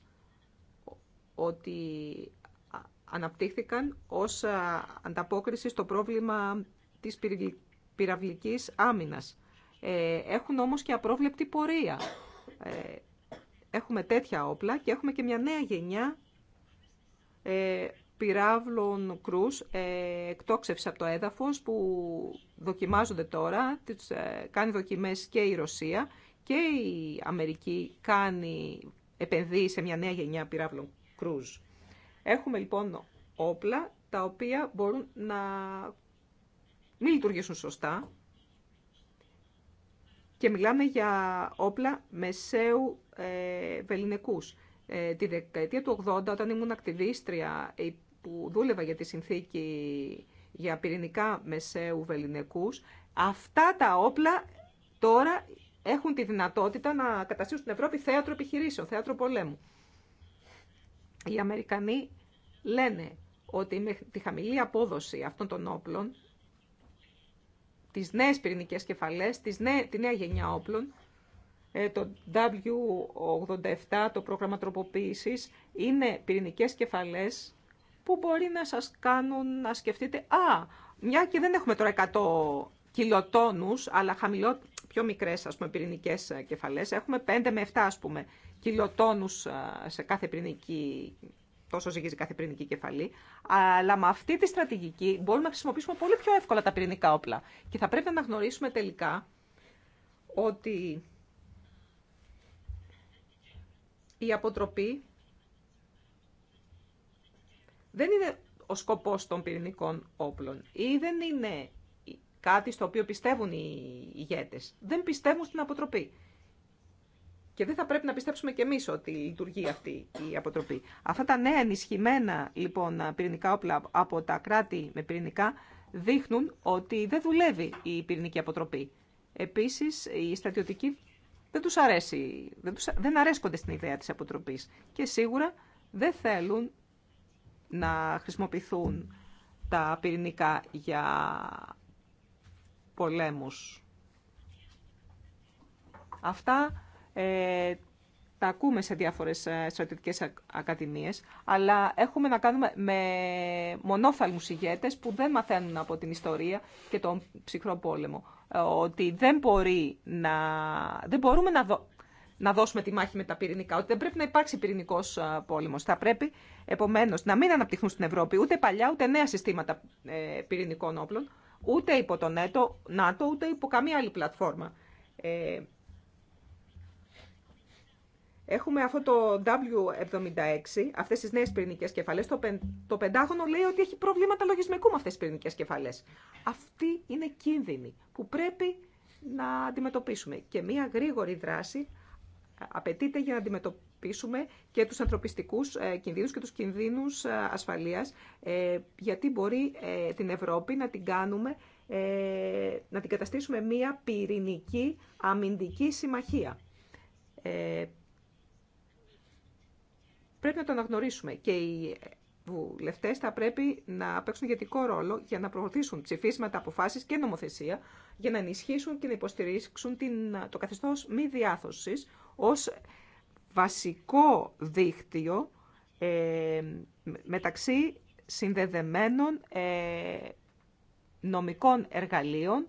ότι αναπτύχθηκαν ως ανταπόκριση στο πρόβλημα της πυραυλικής άμυνας. Ε, έχουν όμως και απρόβλεπτη πορεία. Ε, έχουμε τέτοια όπλα και έχουμε και μια νέα γενιά ε, πυράβλων κρούς ε, εκτόξευση από το έδαφος που δοκιμάζονται τώρα, τις, ε, κάνει δοκιμές και η Ρωσία και η Αμερική κάνει, επενδύει σε μια νέα γενιά πυράβλων κρούς. Έχουμε λοιπόν όπλα τα οποία μπορούν να μην λειτουργήσουν σωστά και μιλάμε για όπλα μεσαίου ε, βεληνικούς. Ε, τη δεκαετία του 80, όταν ήμουν ακτιβίστρια, που δούλευα για τη συνθήκη για πυρηνικά μεσαίου βεληνικούς, αυτά τα όπλα τώρα έχουν τη δυνατότητα να καταστήσουν στην Ευρώπη θέατρο επιχειρήσεων, θέατρο πολέμου. Οι Αμερικανοί λένε ότι με τη χαμηλή απόδοση αυτών των όπλων, τις νέες πυρηνικές κεφαλές, τις νέ, τη νέα γενιά όπλων, ε, το W87, το πρόγραμμα τροποποίησης, είναι πυρηνικές κεφαλές που μπορεί να σας κάνουν να σκεφτείτε «Α, μια και δεν έχουμε τώρα 100 κιλοτόνους, αλλά χαμηλό, πιο μικρές ας πούμε, πυρηνικές ε, κεφαλές, έχουμε 5 με 7 ας πούμε, κιλοτόνους ε, σε κάθε πυρηνική τόσο ζυγίζει κάθε πυρηνική κεφαλή. Αλλά με αυτή τη στρατηγική μπορούμε να χρησιμοποιήσουμε πολύ πιο εύκολα τα πυρηνικά όπλα. Και θα πρέπει να γνωρίσουμε τελικά ότι η αποτροπή δεν είναι ο σκοπός των πυρηνικών όπλων ή δεν είναι κάτι στο οποίο πιστεύουν οι ηγέτες. Δεν πιστεύουν στην αποτροπή. Και δεν θα πρέπει να πιστέψουμε κι εμείς ότι λειτουργεί αυτή η αποτροπή. Αυτά τα νέα ενισχυμένα λοιπόν, πυρηνικά όπλα από τα κράτη με πυρηνικά δείχνουν ότι δεν δουλεύει η πυρηνική αποτροπή. Επίσης, οι στρατιωτικοί δεν τους αρέσει, δεν, δεν αρέσκονται στην ιδέα της αποτροπής. Και σίγουρα δεν θέλουν να χρησιμοποιηθούν τα πυρηνικά για πολέμους. Αυτά ε, τα ακούμε σε διάφορες ε, στρατιωτικές ακαδημίες, αλλά έχουμε να κάνουμε με μονόθαλμους ηγέτες που δεν μαθαίνουν από την ιστορία και τον ψυχρό πόλεμο. Ε, ότι δεν, μπορεί να, δεν μπορούμε να, δω να δώσουμε τη μάχη με τα πυρηνικά, ότι δεν πρέπει να υπάρξει πυρηνικό πόλεμο. Θα πρέπει, επομένω, να μην αναπτυχθούν στην Ευρώπη ούτε παλιά ούτε νέα συστήματα ε, πυρηνικών όπλων, ούτε υπό το ΝΑΤΟ, ούτε υπό καμία άλλη πλατφόρμα. Ε, έχουμε αυτό το W76, αυτέ τι νέε πυρηνικέ κεφαλέ. Το, το Πεντάγωνο λέει ότι έχει προβλήματα λογισμικού με αυτέ τι πυρηνικέ κεφαλέ. Αυτή είναι κίνδυνη που πρέπει να αντιμετωπίσουμε. Και μία γρήγορη δράση απαιτείται για να αντιμετωπίσουμε και τους ανθρωπιστικούς ε, κινδύνους και τους κινδύνους ε, ασφαλείας, ε, γιατί μπορεί την Ευρώπη να την κάνουμε, να την καταστήσουμε μία πυρηνική αμυντική συμμαχία. Πρέπει να το αναγνωρίσουμε και οι βουλευτέ θα πρέπει να παίξουν ηγετικό ρόλο για να προωθήσουν ψηφίσματα, αποφάσει και νομοθεσία για να ενισχύσουν και να υποστηρίξουν την, το καθεστώ μη διάθωση ως βασικό δίκτυο ε, μεταξύ συνδεδεμένων ε, νομικών εργαλείων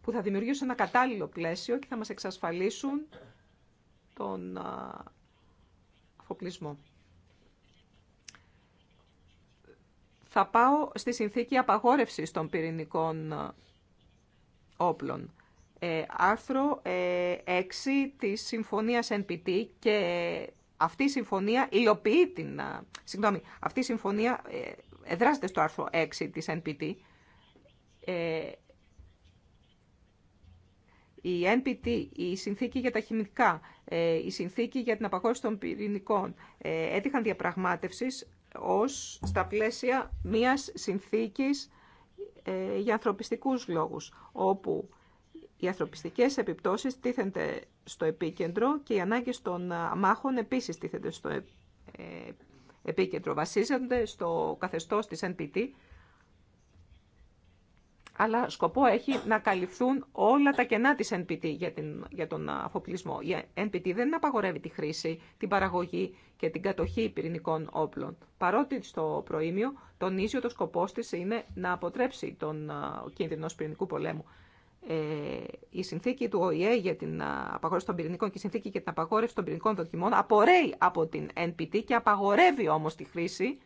που θα δημιουργήσουν ένα κατάλληλο πλαίσιο και θα μας εξασφαλίσουν τον αφοπλισμό. Θα πάω στη συνθήκη απαγόρευσης των πυρηνικών όπλων. Ε, άρθρο 6 ε, της Συμφωνίας NPT και αυτή η συμφωνία υλοποιεί την... Συγγνώμη, αυτή η συμφωνία ε, εδράζεται στο άρθρο 6 της NPT. η NPT, η συνθήκη για τα χημικά, η συνθήκη για την απαγόρευση των πυρηνικών έτυχαν διαπραγμάτευσης ως στα πλαίσια μιας συνθήκης για ανθρωπιστικούς λόγους, όπου οι ανθρωπιστικές επιπτώσεις τίθενται στο επίκεντρο και οι ανάγκες των αμάχων επίσης τίθενται στο ε, ε, επίκεντρο. Βασίζονται στο καθεστώς της NPT, αλλά σκοπό έχει να καλυφθούν όλα τα κενά της NPT για, την, για τον αφοπλισμό. Η NPT δεν απαγορεύει τη χρήση, την παραγωγή και την κατοχή πυρηνικών όπλων. Παρότι στο προήμιο τονίζει ότι ο σκοπός της είναι να αποτρέψει τον ε, κίνδυνο πυρηνικού πολέμου. Ε, η συνθήκη του ΟΗΕ για την απαγόρευση των πυρηνικών και η συνθήκη για την απαγόρευση των πυρηνικών δοκιμών απορρέει από την NPT και απαγορεύει όμως τη χρήση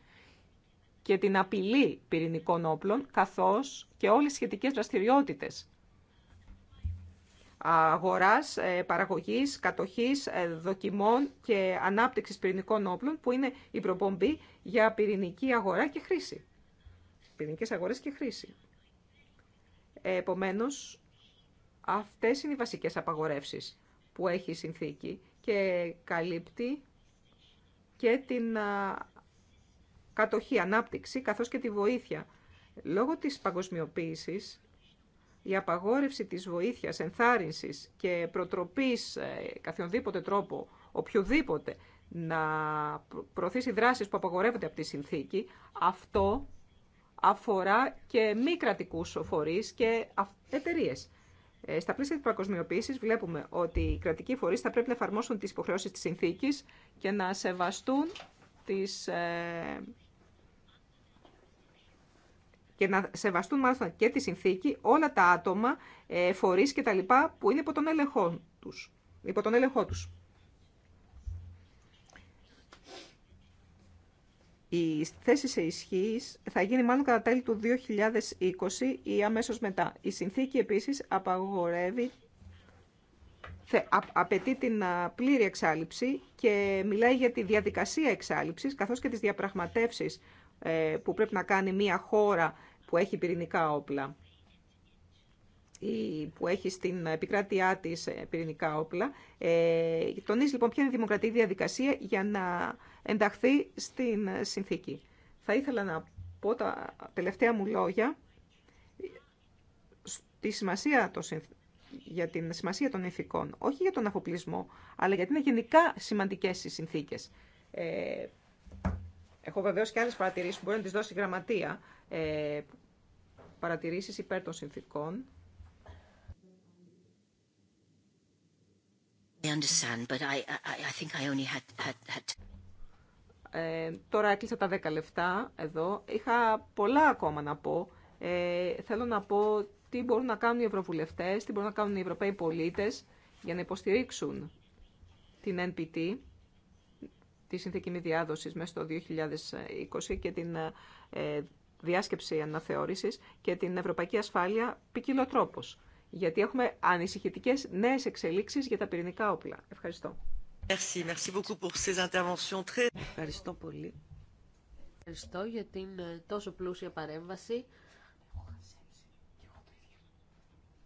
και την απειλή πυρηνικών όπλων, καθώς και όλες οι σχετικές δραστηριότητες αγοράς, ε, παραγωγής, κατοχής, ε, δοκιμών και ανάπτυξης πυρηνικών όπλων, που είναι η προπομπή για πυρηνική αγορά και χρήση. Πυρηνικές αγορές και χρήση. Επομένως, Αυτές είναι οι βασικές απαγορεύσεις που έχει η συνθήκη και καλύπτει και την κατοχή, ανάπτυξη, καθώς και τη βοήθεια. Λόγω της παγκοσμιοποίησης, η απαγόρευση της βοήθειας, ενθάρρυνσης και προτροπής ε, καθιονδήποτε τρόπο, οποιοδήποτε, να προωθήσει δράσεις που απαγορεύονται από τη συνθήκη, αυτό αφορά και μη κρατικού φορείς και εταιρείε. Ε, στα πλαίσια τη παγκοσμιοποίηση, βλέπουμε ότι οι κρατικοί φορεί θα πρέπει να εφαρμόσουν τι υποχρεώσει τη συνθήκη και να σεβαστούν τις, ε, και να σεβαστούν μάλιστα και τη συνθήκη όλα τα άτομα, ε, φορείς και τα λοιπά που είναι υπό τον έλεγχό τους. Υπό τον έλεγχό τους. Η θέση σε ισχύ θα γίνει μάλλον κατά τέλη του 2020 ή αμέσως μετά. Η συνθήκη επίσης απαγορεύει, απαιτεί την πλήρη εξάλληψη και μιλάει για τη διαδικασία εξάλληψης καθώς και τις διαπραγματεύσεις ε, που πρέπει να κάνει μια χώρα που έχει πυρηνικά όπλα που έχει στην επικράτειά της ε, πυρηνικά όπλα. Ε, τονίζει λοιπόν ποια είναι η δημοκρατική διαδικασία για να ενταχθεί στην συνθήκη. Θα ήθελα να πω τα τελευταία μου λόγια στη σημασία για την σημασία των ηθικών, όχι για τον αφοπλισμό, αλλά γιατί είναι γενικά σημαντικές οι συνθήκες. Ε, έχω βεβαίως και άλλες παρατηρήσεις που μπορεί να τις δώσει η γραμματεία, ε, παρατηρήσεις υπέρ των συνθήκων, understand, but I, I, I think I only had, had, had... Ε, τώρα έκλεισα τα 10 λεφτά εδώ. Είχα πολλά ακόμα να πω. Ε, θέλω να πω τι μπορούν να κάνουν οι ευρωβουλευτές, τι μπορούν να κάνουν οι ευρωπαίοι πολίτες για να υποστηρίξουν την NPT, τη συνθήκη μη διάδοσης μέσα στο 2020 και την ε, διάσκεψη αναθεώρησης και την ευρωπαϊκή ασφάλεια ποικιλοτρόπως γιατί έχουμε ανησυχητικέ νέες εξελίξεις για τα πυρηνικά όπλα. Ευχαριστώ. Merci, merci beaucoup pour ces interventions très... Ευχαριστώ πολύ. Ευχαριστώ για την ε, τόσο πλούσια παρέμβαση.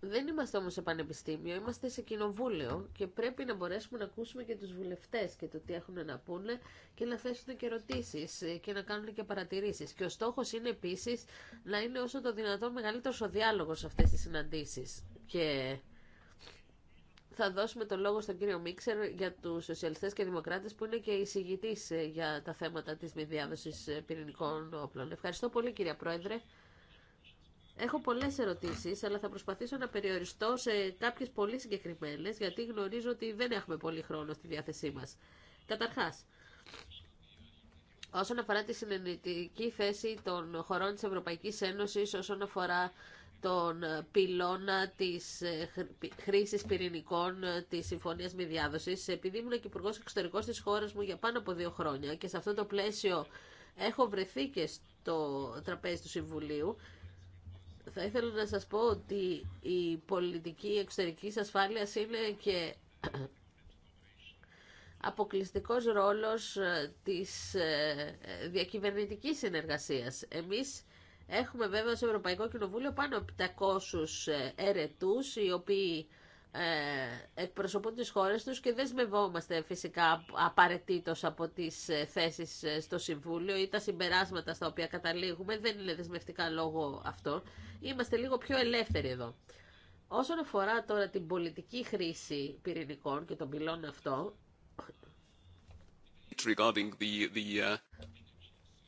Δεν είμαστε όμως σε πανεπιστήμιο, είμαστε σε κοινοβούλιο και πρέπει να μπορέσουμε να ακούσουμε και τους βουλευτές και το τι έχουν να πούνε και να θέσουν και ερωτήσει ε, και να κάνουν και παρατηρήσεις. Και ο στόχος είναι επίσης να είναι όσο το δυνατόν μεγαλύτερος ο διάλογος σε αυτές τις συναντήσεις. Και θα δώσουμε το λόγο στον κύριο Μίξερ για τους σοσιαλιστές και δημοκράτες που είναι και εισηγητής ε, για τα θέματα της μη διάδοσης ε, πυρηνικών όπλων. Ευχαριστώ πολύ κύριε Πρόεδρε. Έχω πολλέ ερωτήσει, αλλά θα προσπαθήσω να περιοριστώ σε κάποιε πολύ συγκεκριμένε, γιατί γνωρίζω ότι δεν έχουμε πολύ χρόνο στη διάθεσή μα. Καταρχάς, όσον αφορά τη συνενετική θέση των χωρών τη Ευρωπαϊκή Ένωση όσον αφορά τον πυλώνα της ε, χρήσης πυρηνικών ε, τη Συμφωνίας Μη Διάδοσης, επειδή ήμουν και υπουργό εξωτερικός της χώρας μου για πάνω από δύο χρόνια και σε αυτό το πλαίσιο έχω βρεθεί και στο τραπέζι του Συμβουλίου, θα ήθελα να σας πω ότι η πολιτική εξωτερικής ασφάλειας είναι και αποκλειστικός ρόλος ε, της ε, διακυβερνητικής συνεργασίας. Εμείς έχουμε βέβαια στο Ευρωπαϊκό Κοινοβούλιο πάνω από 700 ερετούς οι οποίοι ε, εκπροσωπούν τις χώρες τους και δεν φυσικά απαραίτητο από τις ε, θέσεις ε, στο Συμβούλιο ή τα συμπεράσματα στα οποία καταλήγουμε δεν είναι δεσμευτικά λόγο αυτό. Είμαστε λίγο πιο ελεύθεροι εδώ. Όσον αφορά τώρα την πολιτική χρήση πυρηνικών και των πυλών αυτό, uh,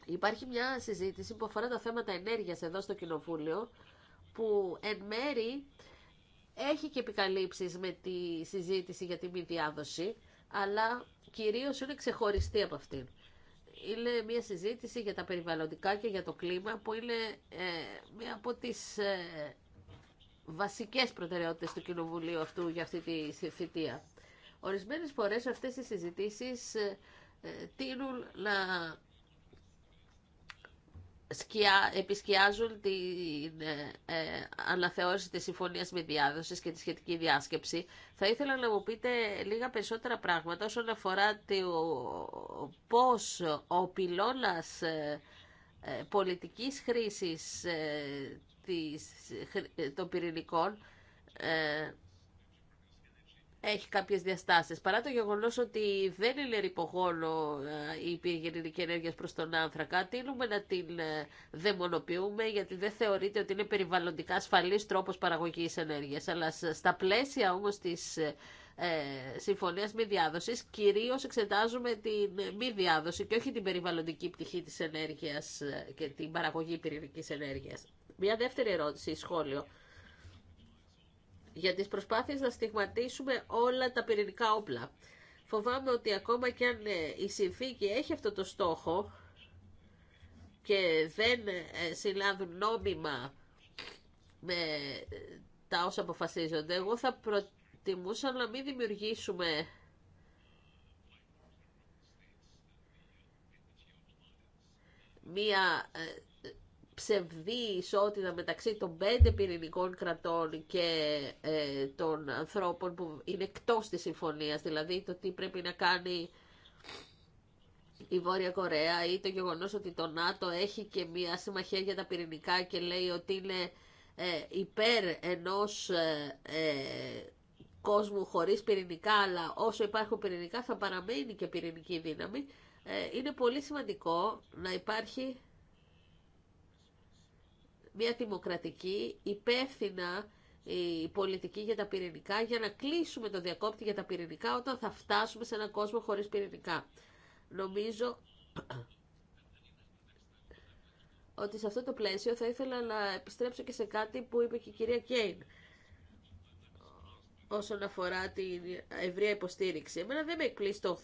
υπάρχει μια συζήτηση που αφορά τα θέματα ενέργειας εδώ στο Κοινοβούλιο που εν μέρη έχει και επικαλύψεις με τη συζήτηση για τη μη διάδοση, αλλά κυρίως είναι ξεχωριστή από αυτήν. Είναι μια συζήτηση για τα περιβαλλοντικά και για το κλίμα που είναι ε, μια από τις ε, βασικές προτεραιότητες του Κοινοβουλίου αυτού για αυτή τη θητεία. Ορισμένες φορές αυτές οι συζητήσεις ε, ε τείνουν να σκιά, επισκιάζουν την ε, ε, αναθεώρηση της συμφωνίας με διάδοση και τη σχετική διάσκεψη. Θα ήθελα να μου πείτε λίγα περισσότερα πράγματα όσον αφορά το πώς ο πυλώνας ε, ε πολιτικής χρήσης ε, της, ε, των πυρηνικών έχει κάποιε διαστάσει. Παρά το γεγονό ότι δεν είναι ρηπογόνο ε, η πυρηνική ενέργεια προ τον άνθρακα, τείνουμε να την ε, δαιμονοποιούμε γιατί δεν θεωρείται ότι είναι περιβαλλοντικά ασφαλή τρόπο παραγωγή ενέργεια. Αλλά στα πλαίσια όμω τη ε, ε συμφωνία μη διάδοση, κυρίω εξετάζουμε την μη διάδοση και όχι την περιβαλλοντική πτυχή τη ενέργεια και την παραγωγή πυρηνική ενέργεια. Μια δεύτερη ερώτηση, σχόλιο για τις προσπάθειες να στιγματίσουμε όλα τα πυρηνικά όπλα. Φοβάμαι ότι ακόμα και αν ε, η συνθήκη έχει αυτό το στόχο και δεν ε, συλλάβουν νόμιμα με ε, τα όσα αποφασίζονται, εγώ θα προτιμούσα να μην δημιουργήσουμε μία ψευδή ισότητα μεταξύ των πέντε πυρηνικών κρατών και ε, των ανθρώπων που είναι εκτός της συμφωνίας, δηλαδή το τι πρέπει να κάνει η Βόρεια Κορέα ή το γεγονός ότι το ΝΑΤΟ έχει και μία συμμαχία για τα πυρηνικά και λέει ότι είναι ε, υπέρ ενός ε, ε, κόσμου χωρίς πυρηνικά, αλλά όσο υπάρχουν πυρηνικά θα παραμένει και πυρηνική δύναμη, είναι πολύ σημαντικό να υπάρχει μια δημοκρατική, υπεύθυνα η ε, πολιτική για τα πυρηνικά για να κλείσουμε το διακόπτη για τα πυρηνικά όταν θα φτάσουμε σε έναν κόσμο χωρίς πυρηνικά. Νομίζω ότι σε αυτό το πλαίσιο θα ήθελα να επιστρέψω και σε κάτι που είπε και η κυρία Κέιν όσον αφορά την ευρεία υποστήριξη. Εμένα δεν με εκπλήσει το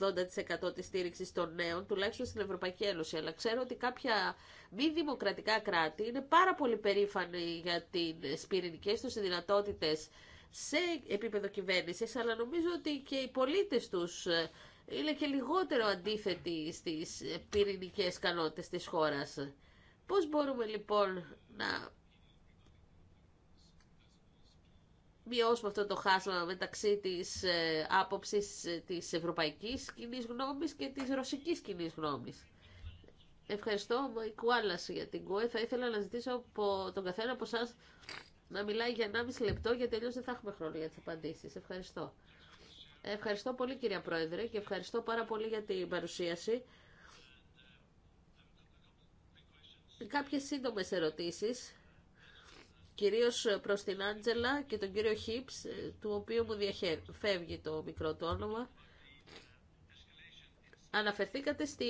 80% της στήριξη των νέων, τουλάχιστον στην Ευρωπαϊκή Ένωση, αλλά ξέρω ότι κάποια μη δημοκρατικά κράτη είναι πάρα πολύ περήφανοι για τις πυρηνικές τους δυνατότητες σε επίπεδο κυβέρνηση, αλλά νομίζω ότι και οι πολίτες τους ε, είναι και λιγότερο αντίθετοι στις πυρηνικές κανότητες της χώρας. Πώς μπορούμε λοιπόν να μειώσουμε αυτό το χάσμα μεταξύ της ε, άποψης ε, της ευρωπαϊκής κοινή γνώμης και της ρωσικής κοινή γνώμης. Ευχαριστώ, Μαϊκ για την ΚΟΕ. Θα ήθελα να ζητήσω από τον καθένα από εσά να μιλάει για 1,5 λεπτό, γιατί αλλιώ δεν θα έχουμε χρόνο για τι απαντήσει. Ευχαριστώ. Ευχαριστώ πολύ, κυρία Πρόεδρε, και ευχαριστώ πάρα πολύ για την παρουσίαση. Κάποιες σύντομες ερωτήσεις κυρίως προς την Άντζελα και τον κύριο Χίπς, ε, του οποίου μου διαφεύγει το μικρό του όνομα. Αναφερθήκατε στη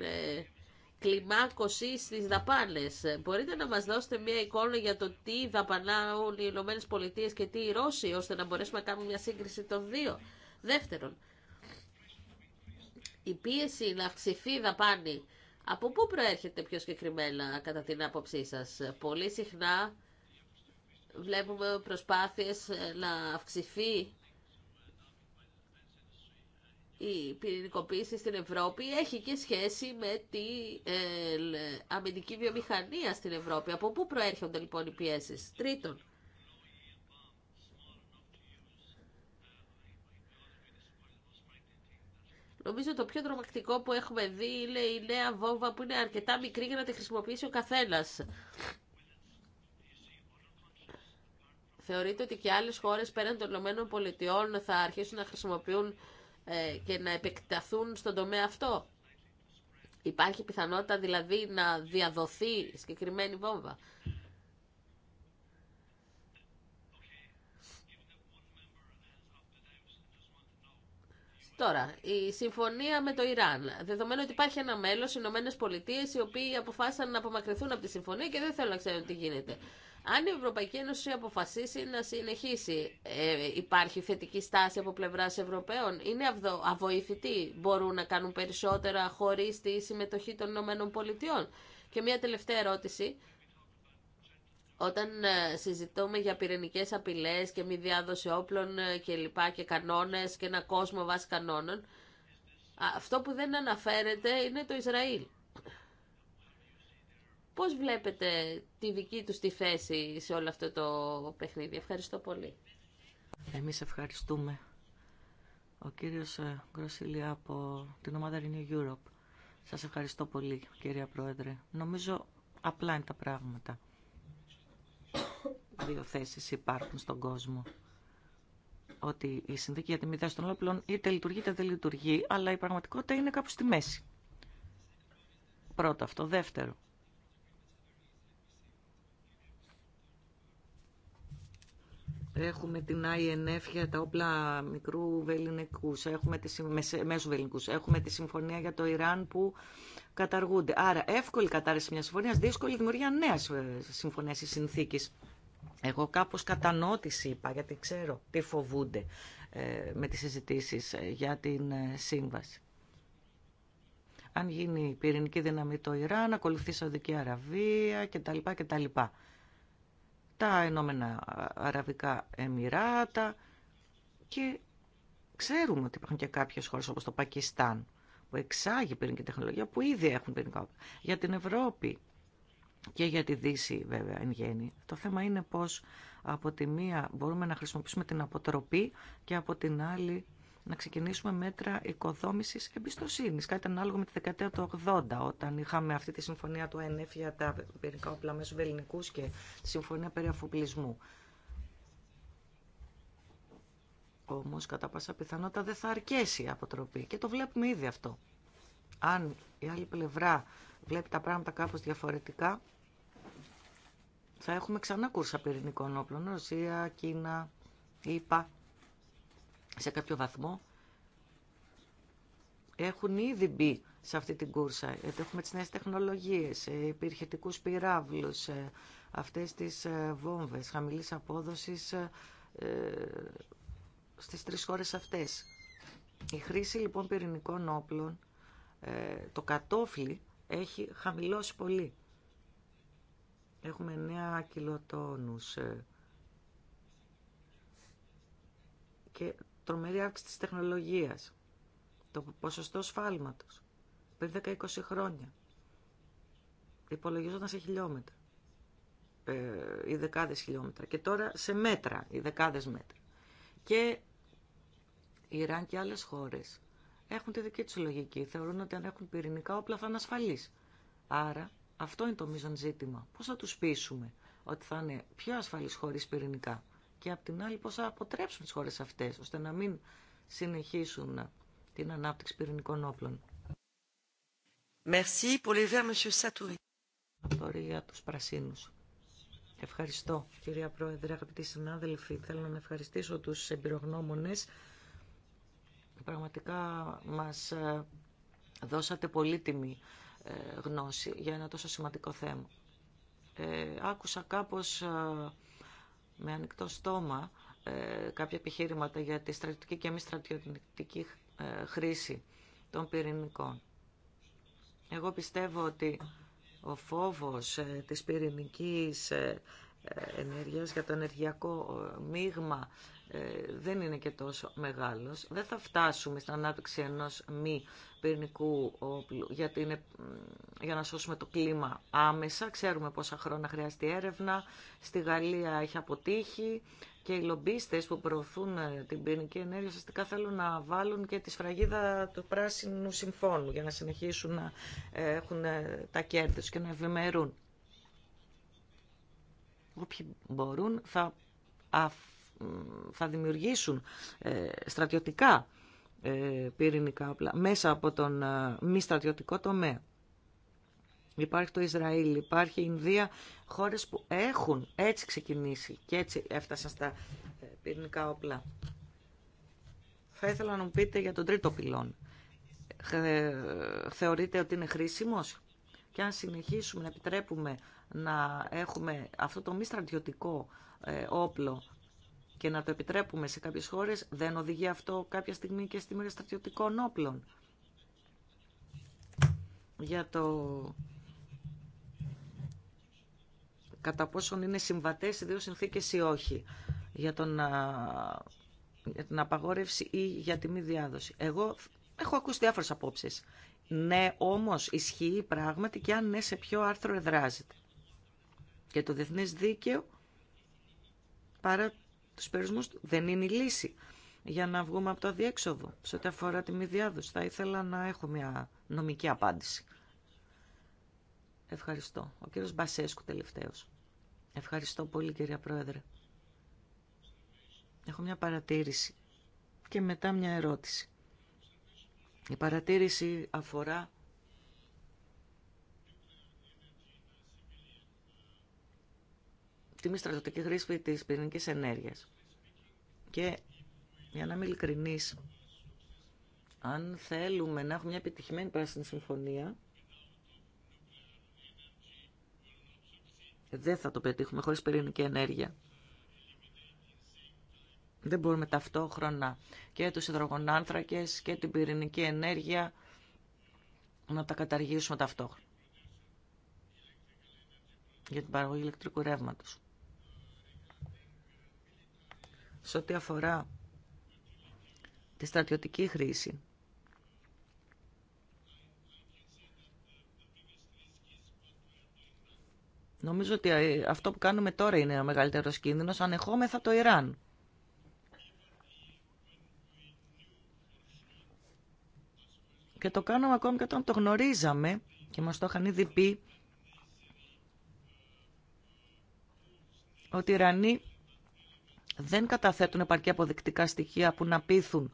ε, κλιμάκωση στις δαπάνες. Μπορείτε να μας δώσετε μια εικόνα για το τι δαπανάουν οι Ηνωμένες Πολιτείες και τι οι Ρώσοι, ώστε να μπορέσουμε να κάνουμε μια σύγκριση των δύο. Δεύτερον, η πίεση να αυξηθεί η δαπάνη από πού προέρχεται πιο συγκεκριμένα κατά την άποψή σας. Πολύ συχνά Βλέπουμε προσπάθειες ε, να αυξηθεί η πυρηνικοποίηση στην Ευρώπη έχει και σχέση με τη ε, αμυντική βιομηχανία στην Ευρώπη. Από πού προέρχονται λοιπόν οι πιέσεις. Τρίτον, Νομίζω το πιο τρομακτικό που έχουμε δει είναι η νέα βόμβα που είναι αρκετά μικρή για να τη χρησιμοποιήσει ο καθένας θεωρείτε ότι και άλλες χώρες πέραν των Ηνωμένων Πολιτειών θα αρχίσουν να χρησιμοποιούν ε, και να επεκταθούν στον τομέα αυτό. Υπάρχει πιθανότητα δηλαδή να διαδοθεί συγκεκριμένη βόμβα. Τώρα, η συμφωνία με το Ιράν. Δεδομένου ότι υπάρχει ένα μέλο, οι Ηνωμένε Πολιτείε, οι οποίοι αποφάσισαν να απομακρυνθούν από τη συμφωνία και δεν θέλουν να ξέρουν τι γίνεται. Αν η Ευρωπαϊκή Ένωση αποφασίσει να συνεχίσει, ε, υπάρχει θετική στάση από πλευρά Ευρωπαίων, είναι αβοήθητοι, μπορούν να κάνουν περισσότερα χωρί τη συμμετοχή των Ηνωμένων Πολιτειών. Και μια τελευταία ερώτηση. Όταν ε, συζητούμε για πυρηνικές απειλές και μη διάδοση όπλων ε, και λοιπά και κανόνες και ένα κόσμο βάσει κανόνων, αυτό που δεν αναφέρεται είναι το Ισραήλ. Πώς βλέπετε τη δική τους τη θέση σε όλο αυτό το παιχνίδι. Ευχαριστώ πολύ. Εμείς ευχαριστούμε. Ο κύριος ε, Γκροσίλη από την ομάδα Renew Europe. Σας ευχαριστώ πολύ κυρία Πρόεδρε. Νομίζω απλά είναι τα πράγματα δύο θέσεις υπάρχουν στον κόσμο. Ότι η συνθήκη για τη μητέρα των όπλων είτε λειτουργεί είτε δεν λειτουργεί, αλλά η πραγματικότητα είναι κάπου στη μέση. Πρώτο αυτό. Δεύτερο. Έχουμε την INF για τα όπλα μικρού βελληνικού. έχουμε μέσου έχουμε τη συμφωνία για το Ιράν που καταργούνται. Άρα εύκολη κατάρρευση μια συμφωνίας, δύσκολη δημιουργία νέα ε, συμφωνία ή συνθήκη. Εγώ κάπως κατανότηση είπα, γιατί ξέρω τι φοβούνται ε, με τις συζητήσεις ε, για την ε, σύμβαση. Αν γίνει πυρηνική δύναμη το Ιράν, ακολουθεί Σαουδική Αραβία κτλ. κτλ. Τα Ενόμενα Αραβικά Εμμυράτα και ξέρουμε ότι υπάρχουν και κάποιες χώρες όπως το Πακιστάν που εξάγει πυρηνική τεχνολογία, που ήδη έχουν πυρηνικά όπλα. Για την Ευρώπη και για τη Δύση βέβαια εν γέννη. Το θέμα είναι πώς από τη μία μπορούμε να χρησιμοποιήσουμε την αποτροπή και από την άλλη να ξεκινήσουμε μέτρα οικοδόμησης εμπιστοσύνης. Κάτι ανάλογο με τη δεκαετία του 80, όταν είχαμε αυτή τη συμφωνία του ΕΝΕΦ για τα πυρικά όπλα μέσω βελληνικούς και τη συμφωνία περί αφοπλισμού. Όμως, κατά πάσα πιθανότητα δεν θα αρκέσει η αποτροπή και το βλέπουμε ήδη αυτό. Αν η άλλη πλευρά βλέπει τα πράγματα κάπως διαφορετικά, θα έχουμε ξανά κούρσα πυρηνικών όπλων. Ρωσία, Κίνα, ΙΠΑ, σε κάποιο βαθμό έχουν ήδη μπει σε αυτή την κούρσα. Ε, έχουμε τις νέες τεχνολογίες, ε, υπηρχετικούς πυράβλους, ε, αυτές τις βόμβες χαμηλής απόδοσης στις τρεις χώρες αυτές. Η χρήση λοιπόν πυρηνικών όπλων, το κατόφλι έχει χαμηλώσει πολύ. Έχουμε 9 κιλοτόνους ε, και τρομερή αύξηση της τεχνολογίας. Το ποσοστό σφάλματος πριν 10-20 χρόνια υπολογίζονταν σε χιλιόμετρα ε, οι δεκάδες χιλιόμετρα και τώρα σε μέτρα, οι δεκάδες μέτρα. Και Ιράν και άλλες χώρες έχουν τη δική τους λογική. Θεωρούν ότι αν έχουν πυρηνικά όπλα θα είναι ασφαλείς. Άρα αυτό είναι το μείζον ζήτημα. Πώς θα τους πείσουμε ότι θα είναι πιο ασφαλείς χωρίς πυρηνικά. Και απ' την άλλη πώς θα αποτρέψουν τις χώρες αυτές, ώστε να μην συνεχίσουν την ανάπτυξη πυρηνικών όπλων. Merci pour les για τους Ευχαριστώ, κυρία Πρόεδρε, αγαπητοί συνάδελφοι. Θέλω να ευχαριστήσω τους εμπειρογνώμονες Πραγματικά μας ε, δώσατε πολύτιμη ε, γνώση για ένα τόσο σημαντικό θέμα. Ε, άκουσα κάπως με ανοιχτό στόμα κάποια επιχείρηματα για τη στρατιωτική και μη στρατιωτική χρήση των πυρηνικών. Εγώ πιστεύω ότι ο φόβος της πυρηνικής ενέργειας για το ενεργειακό μείγμα ε, δεν είναι και τόσο μεγάλος. Δεν θα φτάσουμε στην ανάπτυξη ενός μη πυρηνικού όπλου γιατί είναι, για να σώσουμε το κλίμα άμεσα. Ξέρουμε πόσα χρόνια χρειάζεται έρευνα. Στη Γαλλία έχει αποτύχει και οι λομπίστες που προωθούν ε, την πυρηνική ενέργεια ουσιαστικά θέλουν να βάλουν και τη σφραγίδα του πράσινου συμφώνου για να συνεχίσουν να ε, έχουν τα κέρδη και να ευημερούν. Όποιοι μπορούν θα θα δημιουργήσουν ε, στρατιωτικά ε, πυρηνικά όπλα μέσα από τον ε, μη στρατιωτικό τομέα. Υπάρχει το Ισραήλ, υπάρχει η Ινδία, χώρες που έχουν έτσι ξεκινήσει και έτσι έφτασαν στα πυρηνικά όπλα. Θα ήθελα να μου πείτε για τον τρίτο πυλόν. Θεωρείτε ότι είναι χρήσιμος και αν συνεχίσουμε να επιτρέπουμε να έχουμε αυτό το μη στρατιωτικό όπλο και να το επιτρέπουμε σε κάποιες χώρες, δεν οδηγεί αυτό κάποια στιγμή και στη μοίρα στρατιωτικών όπλων. Για το κατά πόσον είναι συμβατές οι δύο συνθήκες ή όχι. Για, τον, για την απαγόρευση ή για τη μη διάδοση. Εγώ έχω ακούσει διάφορες απόψεις. Ναι, όμως ισχύει πράγματι και αν ναι σε ποιο άρθρο εδράζεται. Και το διεθνές δίκαιο, παρά τους δεν είναι η λύση για να βγούμε από το αδιέξοδο σε ό,τι αφορά τη μη διάδοση. Θα ήθελα να έχω μια νομική απάντηση. Ευχαριστώ. Ο κύριος Μπασέσκου τελευταίος. Ευχαριστώ πολύ κυρία Πρόεδρε. Έχω μια παρατήρηση και μετά μια ερώτηση. Η παρατήρηση αφορά τη μη στρατιωτική χρήση της πυρηνικής ενέργειας. Και για να είμαι ειλικρινή, αν θέλουμε να έχουμε μια επιτυχημένη πράσινη συμφωνία, δεν θα το πετύχουμε χωρίς πυρηνική ενέργεια. Δεν μπορούμε ταυτόχρονα και τους υδρογονάνθρακες και την πυρηνική ενέργεια να τα καταργήσουμε ταυτόχρονα για την παραγωγή ηλεκτρικού ρεύματος σε ό,τι αφορά τη στρατιωτική χρήση. Νομίζω ότι ε, αυτό που κάνουμε τώρα είναι ο μεγαλύτερος κίνδυνος, ανεχόμεθα το Ιράν. Και το κάναμε ακόμη και όταν το γνωρίζαμε και μας το είχαν ήδη πει ότι οι Ιρανοί δεν καταθέτουν επαρκή αποδεικτικά στοιχεία που να πείθουν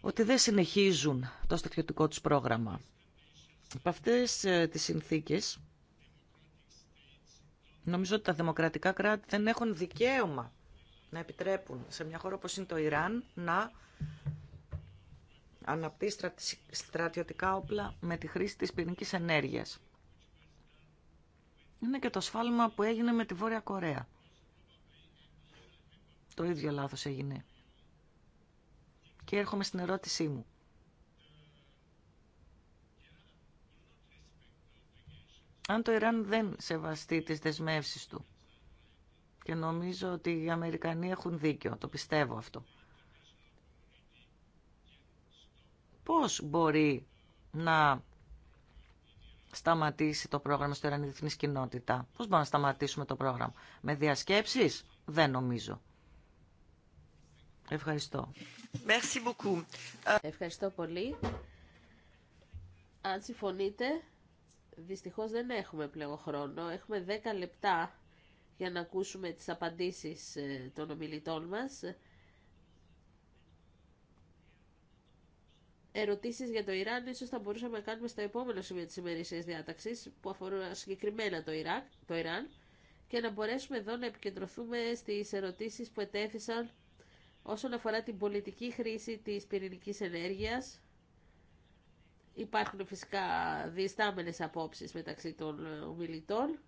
ότι δεν συνεχίζουν το στρατιωτικό τους πρόγραμμα. Από αυτές ε, τις συνθήκες, νομίζω ότι τα δημοκρατικά κράτη δεν έχουν δικαίωμα να επιτρέπουν σε μια χώρα όπως είναι το Ιράν να αναπτύσσει στρατιωτικά όπλα με τη χρήση της πυρηνικής ενέργειας. Είναι και το σφάλμα που έγινε με τη Βόρεια Κορέα. Το ίδιο λάθος έγινε. Και έρχομαι στην ερώτησή μου. Αν το Ιράν δεν σεβαστεί τις δεσμεύσεις του, και νομίζω ότι οι Αμερικανοί έχουν δίκιο, το πιστεύω αυτό, πώς μπορεί να σταματήσει το πρόγραμμα στο Ιράν η κοινότητα. Πώς μπορούμε να σταματήσουμε το πρόγραμμα. Με διασκέψεις δεν νομίζω. Ευχαριστώ. Merci beaucoup. Ευχαριστώ πολύ. Αν συμφωνείτε, δυστυχώς δεν έχουμε πλέον χρόνο. Έχουμε 10 λεπτά για να ακούσουμε τις απαντήσεις ε, των ομιλητών μας. Ερωτήσεις για το Ιράν ίσως θα μπορούσαμε να κάνουμε στο επόμενο σημείο της ημερήσιας διάταξης που αφορούν συγκεκριμένα το, Ιράκ, το Ιράν και να μπορέσουμε εδώ να επικεντρωθούμε στις ερωτήσεις που ετέθησαν Όσον αφορά την πολιτική χρήση της πυρηνικής ενέργειας, υπάρχουν φυσικά διστάμενες απόψεις μεταξύ των ομιλητών.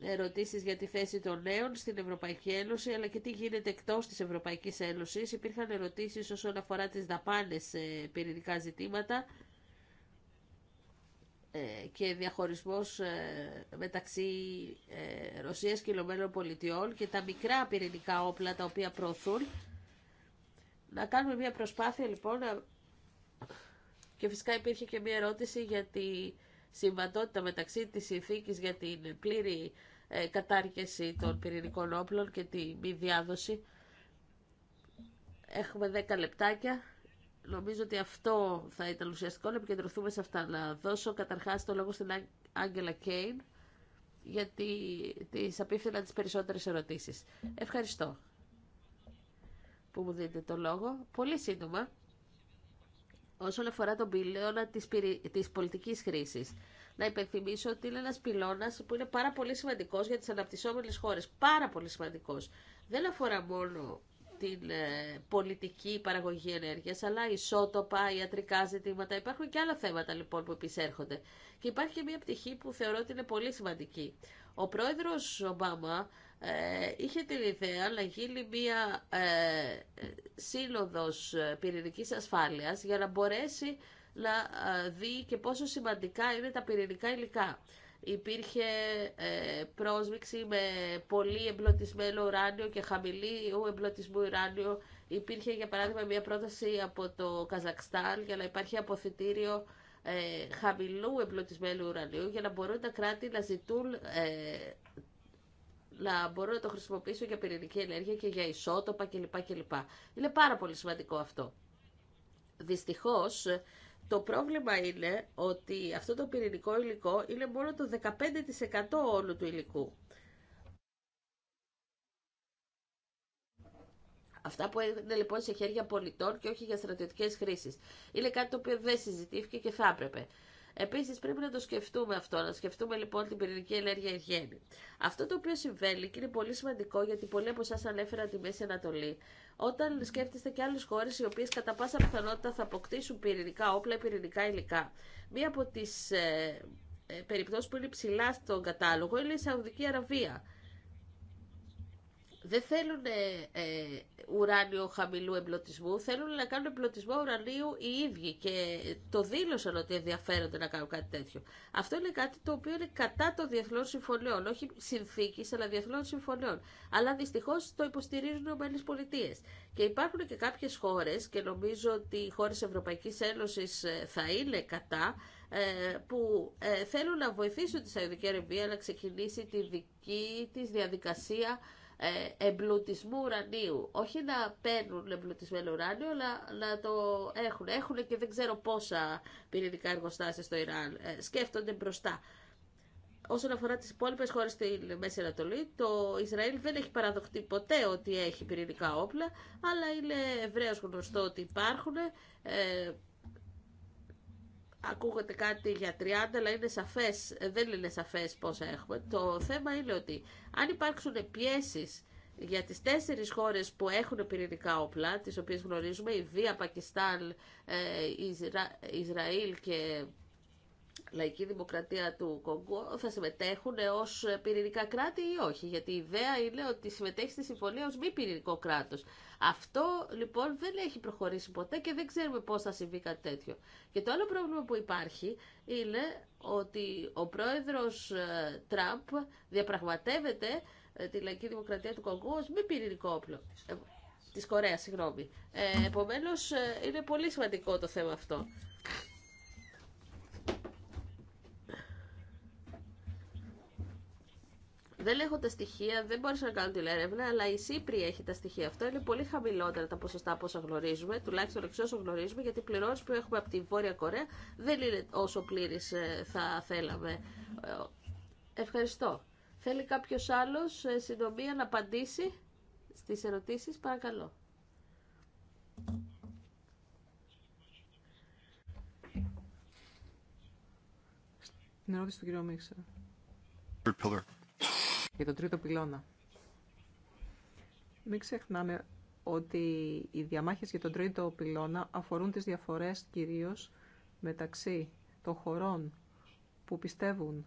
Ερωτήσεις για τη θέση των νέων στην Ευρωπαϊκή Ένωση, αλλά και τι γίνεται εκτός της Ευρωπαϊκής Ένωσης. Υπήρχαν ερωτήσεις όσον αφορά τις δαπάνες πυρηνικά ζητήματα ε, και διαχωρισμός ε, μεταξύ ε, Ρωσίας και Ηνωμένων Πολιτειών και τα μικρά πυρηνικά όπλα τα οποία προωθούν. Να κάνουμε μια προσπάθεια λοιπόν και φυσικά υπήρχε και μια ερώτηση για τη συμβατότητα μεταξύ της συνθήκη για την πλήρη κατάρκεση των πυρηνικών όπλων και τη μη διάδοση. Έχουμε 10 λεπτάκια. Νομίζω ότι αυτό θα ήταν ουσιαστικό να επικεντρωθούμε σε αυτά. Να δώσω καταρχά το λόγο στην Άγγελα Κέιν γιατί τι απίφθηνα τι περισσότερε ερωτήσει. Ευχαριστώ που μου δίνετε το λόγο. Πολύ σύντομα, όσον αφορά τον πυλώνα της, πυρι... της πολιτικής χρήσης. Να υπενθυμίσω ότι είναι ένας πυλώνας που είναι πάρα πολύ σημαντικός για τις αναπτυσσόμενες χώρες. Πάρα πολύ σημαντικός. Δεν αφορά μόνο την ε, πολιτική παραγωγή ενέργειας, αλλά ισότοπα, ιατρικά ζητήματα. Υπάρχουν και άλλα θέματα λοιπόν που επισέρχονται. Και υπάρχει και μια πτυχή που θεωρώ ότι είναι πολύ σημαντική. Ο πρόεδρος Ομπάμα ε, είχε την ιδέα να γίνει μια ε, σύνοδος ε, πυρηνικής ασφάλειας για να μπορέσει να ε, δει και πόσο σημαντικά είναι τα πυρηνικά υλικά υπήρχε ε, πρόσβηξη με πολύ εμπλωτισμένο ουράνιο και χαμηλή εμπλωτισμού ουράνιο. Υπήρχε για παράδειγμα μια πρόταση από το Καζακστάν για να υπάρχει αποθητήριο ε, χαμηλού εμπλωτισμένου ουρανίου για να μπορούν τα κράτη να ζητούν ε, να μπορούν να το χρησιμοποιήσουν για πυρηνική ενέργεια και για ισότοπα κλπ. κλπ. Είναι πάρα πολύ σημαντικό αυτό. Δυστυχώς, το πρόβλημα είναι ότι αυτό το πυρηνικό υλικό είναι μόνο το 15% όλου του υλικού. Αυτά που είναι λοιπόν σε χέρια πολιτών και όχι για στρατιωτικές χρήσεις. Είναι κάτι το οποίο δεν συζητήθηκε και θα έπρεπε. Επίση πρέπει να το σκεφτούμε αυτό, να σκεφτούμε λοιπόν την πυρηνική ενέργεια γέννη. Αυτό το οποίο συμβαίνει και είναι πολύ σημαντικό γιατί πολλοί από εσά ανέφεραν τη Μέση Ανατολή. Όταν σκέφτεστε και άλλε χώρε οι οποίε κατά πάσα πιθανότητα θα αποκτήσουν πυρηνικά όπλα ή πυρηνικά υλικά. Μία από τι ε, ε περιπτώσει που είναι ψηλά στον κατάλογο είναι η Σαουδική Αραβία δεν θέλουν ε, ε, ουράνιο χαμηλού εμπλωτισμού, θέλουν να κάνουν εμπλωτισμό ουρανίου οι ίδιοι και το δήλωσαν ότι ενδιαφέρονται να κάνουν κάτι τέτοιο. Αυτό είναι κάτι το οποίο είναι κατά των διεθνών συμφωνιών, όχι συνθήκη, αλλά διεθνών συμφωνιών. Αλλά δυστυχώ το υποστηρίζουν οι ΗΠΑ. Και υπάρχουν και κάποιε χώρε, και νομίζω ότι οι χώρε Ευρωπαϊκή Ένωση ε, θα είναι κατά, ε, που θέλουν να βοηθήσουν τη Σαουδική Αραβία να ξεκινήσει τη δική της διαδικασία ε, εμπλουτισμού ουρανίου. Όχι να παίρνουν εμπλουτισμένο ουράνιο, αλλά να το έχουν. Έχουν και δεν ξέρω πόσα πυρηνικά εργοστάσια στο Ιράν. Ε, σκέφτονται μπροστά. Όσον αφορά τι υπόλοιπε χώρε στη Μέση Ανατολή, το Ισραήλ δεν έχει παραδοχτεί ποτέ ότι έχει πυρηνικά όπλα, αλλά είναι ευρέω γνωστό ότι υπάρχουν. Ε, Ακούγεται κάτι για 30, αλλά είναι ε, δεν είναι σαφές πόσα έχουμε. Το θέμα είναι ότι αν υπάρξουν πιέσεις για τις τέσσερις χώρες που έχουν πυρηνικά όπλα, τις οποίες γνωρίζουμε, η Βία, Πακιστάν, ε, Ισραήλ και λαϊκή δημοκρατία του Κογκό θα συμμετέχουν ω πυρηνικά κράτη ή όχι. Γιατί η ιδέα είναι ότι συμμετέχει στη συμφωνία ω μη πυρηνικό κράτο. Αυτό λοιπόν δεν έχει προχωρήσει ποτέ και δεν ξέρουμε πώ θα συμβεί κάτι τέτοιο. Και το άλλο πρόβλημα που υπάρχει είναι ότι ο πρόεδρο ε, Τραμπ διαπραγματεύεται ε, τη λαϊκή δημοκρατία του Κογκού ω μη πυρηνικό όπλο. Ε, της Κορέα, συγγνώμη. Ε, επομένως, είναι πολύ σημαντικό το θέμα αυτό. δεν έχω τα στοιχεία, δεν μπορούσα να κάνω την έρευνα, αλλά η Σύπρη έχει τα στοιχεία. Αυτό είναι πολύ χαμηλότερα τα ποσοστά από όσα γνωρίζουμε, τουλάχιστον εξ όσων γνωρίζουμε, γιατί οι πληρώσει που έχουμε από τη Βόρεια Κορέα δεν είναι όσο πλήρη ε, θα θέλαμε. Ε, ευχαριστώ. Θέλει κάποιο άλλο ε, συντομία να απαντήσει στι ερωτήσει, παρακαλώ. ερώτηση του κ για τον τρίτο πυλώνα. Μην ξεχνάμε ότι οι διαμάχες για τον τρίτο πυλώνα αφορούν τις διαφορές κυρίως μεταξύ των χωρών που πιστεύουν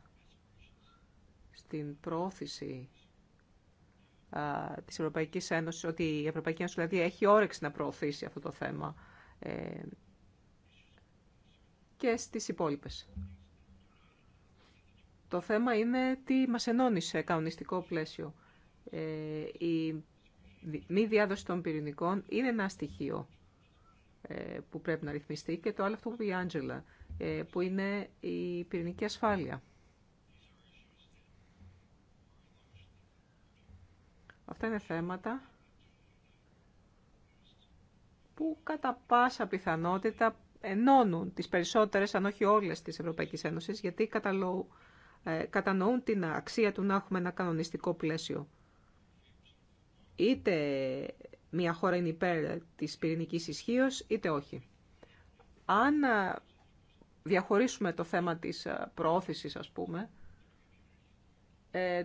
στην προώθηση α, της Ευρωπαϊκής Ένωσης, ότι η Ευρωπαϊκή Ένωση δηλαδή έχει όρεξη να προωθήσει αυτό το θέμα ε, και στις υπόλοιπες. Το θέμα είναι τι μας ενώνει σε κανονιστικό πλαίσιο. Ε, η μη διάδοση των πυρηνικών είναι ένα στοιχείο ε, που πρέπει να ρυθμιστεί και το άλλο αυτό που είπε η Άντζελα, ε, που είναι η πυρηνική ασφάλεια. Αυτά είναι θέματα που κατά πάσα πιθανότητα ενώνουν τις περισσότερες, αν όχι όλες, της Ευρωπαϊκής Ένωσης, γιατί ε, κατανοούν την αξία του να έχουμε ένα κανονιστικό πλαίσιο. Είτε μια χώρα είναι υπέρ της πυρηνικής ισχύω, είτε όχι. Αν ε, διαχωρίσουμε το θέμα της ε, προώθησης, ας πούμε,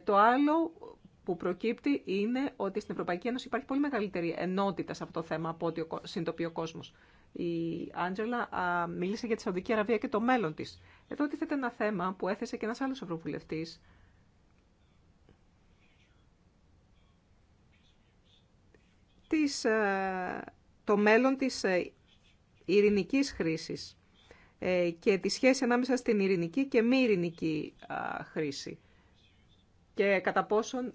το άλλο που προκύπτει είναι ότι στην Ευρωπαϊκή Ένωση υπάρχει πολύ μεγαλύτερη ενότητα σε αυτό το θέμα από ό,τι συνειδητοποιεί ο κόσμο. Η Άντζελα μίλησε για τη Σαουδική Αραβία και το μέλλον της. Εδώ τίθεται ένα θέμα που έθεσε και ένας άλλος ευρωβουλευτής. Της, ε, το μέλλον της ε, ειρηνικής χρήσης ε, και τη σχέση ανάμεσα στην ειρηνική και μη ειρηνική χρήση και κατά πόσον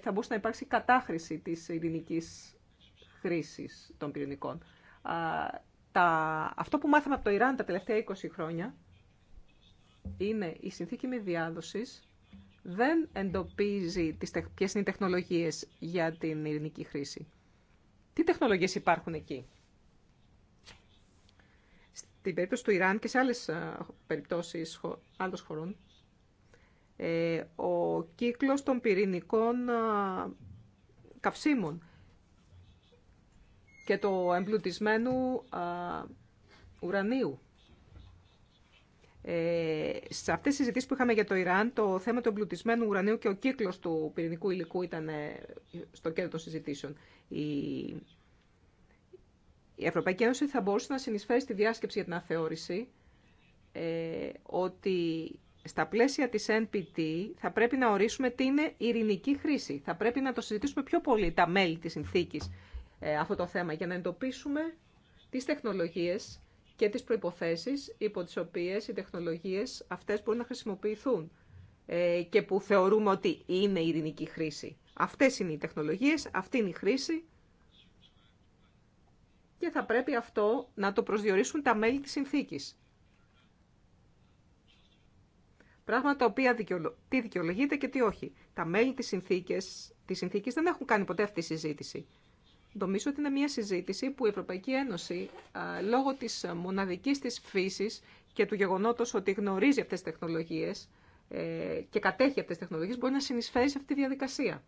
θα μπορούσε να υπάρξει κατάχρηση της ειρηνικής χρήσης των πυρηνικών. τα, αυτό που μάθαμε από το Ιράν τα τελευταία 20 χρόνια είναι η συνθήκη μη διάδοση δεν εντοπίζει τις, ποιες είναι οι τεχνολογίες για την ειρηνική χρήση. Τι τεχνολογίες υπάρχουν εκεί. Στην περίπτωση του Ιράν και σε άλλες ε, περιπτώσεις άλλων χωρών, ε, ο κύκλος των πυρηνικών ε, καυσίμων και το εμπλουτισμένου ουρανίου ε, σε αυτές τις συζητήσεις που είχαμε για το Ιράν, το θέμα του εμπλουτισμένου ουρανίου και ο κύκλος του πυρηνικού υλικού ήταν ε, στο κέντρο των συζητήσεων. Η Ευρωπαϊκή Ένωση θα μπορούσε να συνεισφέρει στη διάσκεψη για την αθεώρηση ε, ότι στα πλαίσια της NPT θα πρέπει να ορίσουμε τι είναι ειρηνική χρήση. Θα πρέπει να το συζητήσουμε πιο πολύ τα μέλη της συνθήκης αυτό το θέμα για να εντοπίσουμε τις τεχνολογίες και τις προϋποθέσεις υπό τις οποίες οι τεχνολογίες αυτές μπορούν να χρησιμοποιηθούν ε, και που θεωρούμε ότι είναι η ειρηνική χρήση. Αυτές είναι οι τεχνολογίες, αυτή είναι η χρήση και θα πρέπει αυτό να το προσδιορίσουν τα μέλη της συνθήκης. Πράγματα τα οποία τι δικαιολογείται και τι όχι. Τα μέλη της συνθήκης, της συνθήκης δεν έχουν κάνει ποτέ αυτή τη συζήτηση. Νομίζω ότι είναι μια συζήτηση που η Ευρωπαϊκή Ένωση, λόγω της μοναδικής της φύσης και του γεγονότος ότι γνωρίζει αυτές τις τεχνολογίες ε, και κατέχει αυτές τις τεχνολογίες, μπορεί να συνεισφέρει σε αυτή τη διαδικασία.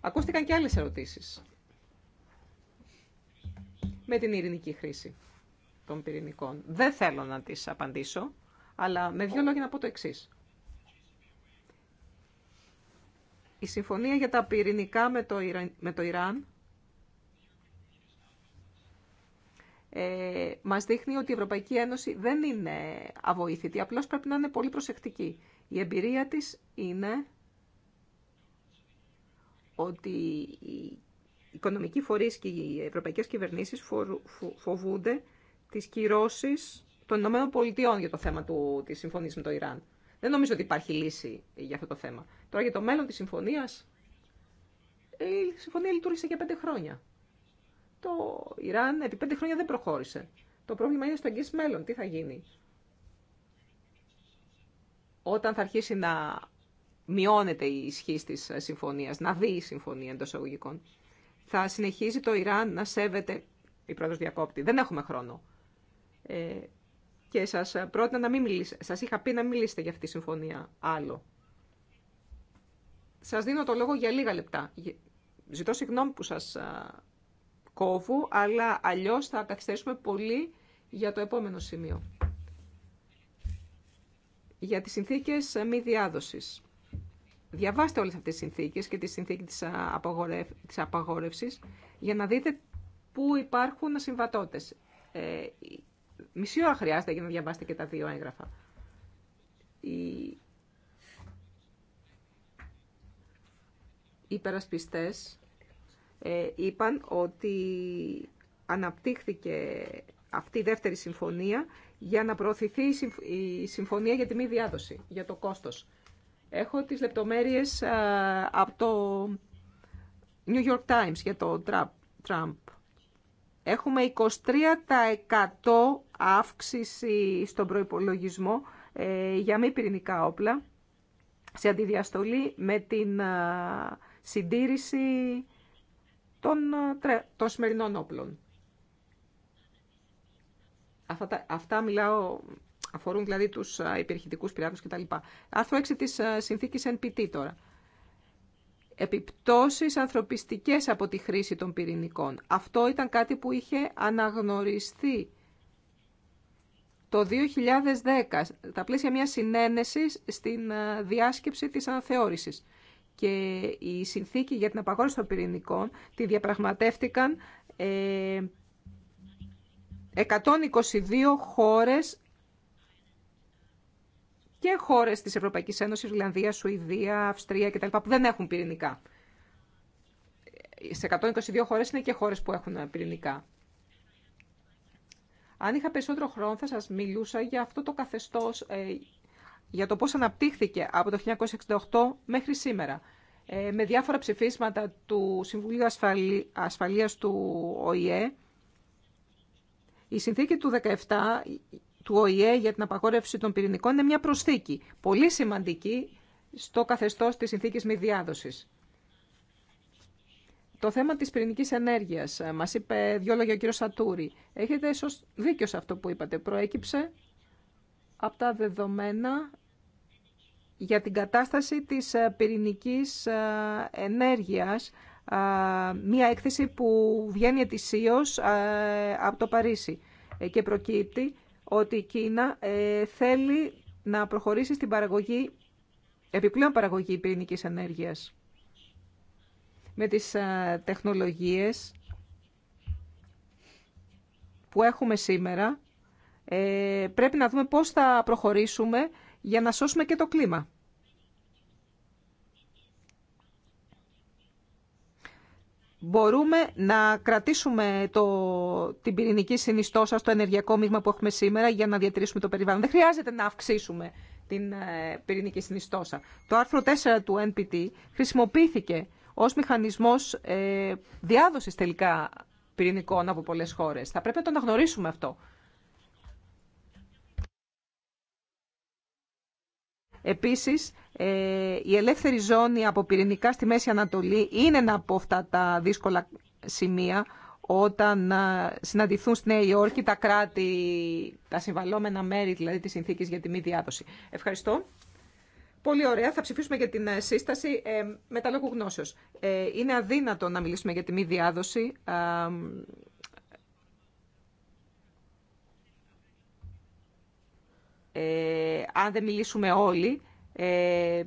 Ακούστηκαν και άλλες ερωτήσεις με την ειρηνική χρήση των πυρηνικών. Δεν θέλω να τις απαντήσω, αλλά με δύο λόγια να πω το εξής. Η συμφωνία για τα πυρηνικά με το, με το Ιράν ε, μας δείχνει ότι η Ευρωπαϊκή Ένωση δεν είναι αβοήθητη, απλώς πρέπει να είναι πολύ προσεκτική. Η εμπειρία της είναι ότι οι οικονομικοί φορείς και οι ευρωπαϊκές κυβερνήσεις φοβούνται τις κυρώσεις των ΗΠΑ για το θέμα του, της συμφωνίας με το Ιράν. Δεν νομίζω ότι υπάρχει λύση για αυτό το θέμα. Τώρα για το μέλλον της συμφωνίας, η συμφωνία λειτουργήσε για πέντε χρόνια. Το Ιράν επί πέντε χρόνια δεν προχώρησε. Το πρόβλημα είναι στο εγγύς μέλλον. Τι θα γίνει. Όταν θα αρχίσει να μειώνεται η ισχύ τη συμφωνίας, να δει η συμφωνία εντό αγωγικών, θα συνεχίζει το Ιράν να σέβεται, η πρόεδρο διακόπτη, δεν έχουμε χρόνο, ε, και σας ε, πρότεινα να μην μιλήσετε, σας είχα πει να μην μιλήσετε για αυτή τη συμφωνία άλλο. Σας δίνω το λόγο για λίγα λεπτά. Ζητώ συγγνώμη που σας ε, κόβω, αλλά αλλιώς θα καθυστερήσουμε πολύ για το επόμενο σημείο. Για τις συνθήκες ε, μη διάδοσης. Διαβάστε όλες αυτές τις συνθήκες και τη συνθήκη της, απαγόρευση απαγόρευσης για να δείτε πού υπάρχουν ασυμβατότητες. Μισή ώρα χρειάζεται για να διαβάσετε και τα δύο έγγραφα. Οι, οι ε, είπαν ότι αναπτύχθηκε αυτή η δεύτερη συμφωνία για να προωθηθεί η συμφωνία για τη μη διάδοση, για το κόστος. Έχω τις λεπτομέρειες ε, από το New York Times για το Trump. Έχουμε 23% αύξηση στον προϋπολογισμό ε, για μη πυρηνικά όπλα σε αντιδιαστολή με την ε, συντήρηση των, ε, των σημερινών όπλων. Αυτά, αυτά μιλάω, αφορούν δηλαδή τους υπηρεχητικούς τα κτλ. Άρθρο 6 της συνθήκης NPT τώρα. Επιπτώσεις ανθρωπιστικές από τη χρήση των πυρηνικών. Αυτό ήταν κάτι που είχε αναγνωριστεί το 2010 τα πλαίσια μια συνένεση στην ε, διάσκεψη της αναθεώρησης. Και η συνθήκη για την απαγόρευση των πυρηνικών τη διαπραγματεύτηκαν 122 ε, χώρες και χώρες της Ευρωπαϊκής Ένωσης, Ιρλανδία, Σουηδία, Αυστρία κτλ. που δεν έχουν πυρηνικά. Ε, σε 122 χώρες είναι και χώρες που έχουν πυρηνικά. Αν είχα περισσότερο χρόνο θα σας μιλούσα για αυτό το καθεστώς, ε, για το πώς αναπτύχθηκε από το 1968 μέχρι σήμερα. Ε, με διάφορα ψηφίσματα του Συμβουλίου Ασφαλείας του ΟΗΕ, η συνθήκη του 17 του ΟΗΕ για την απαγόρευση των πυρηνικών είναι μια προσθήκη, πολύ σημαντική στο καθεστώς της συνθήκης μη διάδοσης. Το θέμα της πυρηνικής ενέργειας, ε, μας είπε δυο λόγια ο κύριος Σατούρη. Έχετε ίσως δίκιο σε αυτό που είπατε. Προέκυψε από τα δεδομένα για την κατάσταση της ε, πυρηνικής ε, ενέργειας. Μία έκθεση που βγαίνει ετησίως από το Παρίσι και προκύπτει ότι η Κίνα θέλει να προχωρήσει στην παραγωγή, επιπλέον παραγωγή πυρηνικής ενέργειας με τις ε, τεχνολογίες που έχουμε σήμερα, ε, πρέπει να δούμε πώς θα προχωρήσουμε για να σώσουμε και το κλίμα. μπορούμε να κρατήσουμε το, την πυρηνική συνιστόσα στο ενεργειακό μείγμα που έχουμε σήμερα για να διατηρήσουμε το περιβάλλον. Δεν χρειάζεται να αυξήσουμε την ε, πυρηνική συνιστόσα. Το άρθρο 4 του NPT χρησιμοποιήθηκε ως μηχανισμός ε, διάδοσης τελικά πυρηνικών από πολλές χώρες. Θα πρέπει να το αναγνωρίσουμε αυτό. Επίσης, ε, η ελεύθερη ζώνη από πυρηνικά στη Μέση Ανατολή είναι ένα από αυτά τα δύσκολα σημεία όταν ε, συναντηθούν στη Νέα Υόρκη τα κράτη, τα συμβαλόμενα μέρη, δηλαδή της συνθήκης για τη μη διάδοση. Ευχαριστώ. Πολύ ωραία. Θα ψηφίσουμε για την ε, σύσταση ε, μεταλλόγου Ε, είναι αδύνατο να μιλήσουμε για τη μη διάδοση. Ε, αν δεν μιλήσουμε όλοι ε,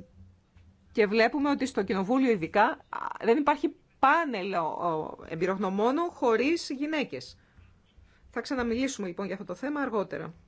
και βλέπουμε ότι στο Κοινοβούλιο ειδικά δεν υπάρχει πάνελ εμπειρογνωμόνων χωρίς γυναίκες. Θα ξαναμιλήσουμε λοιπόν για αυτό το θέμα αργότερα.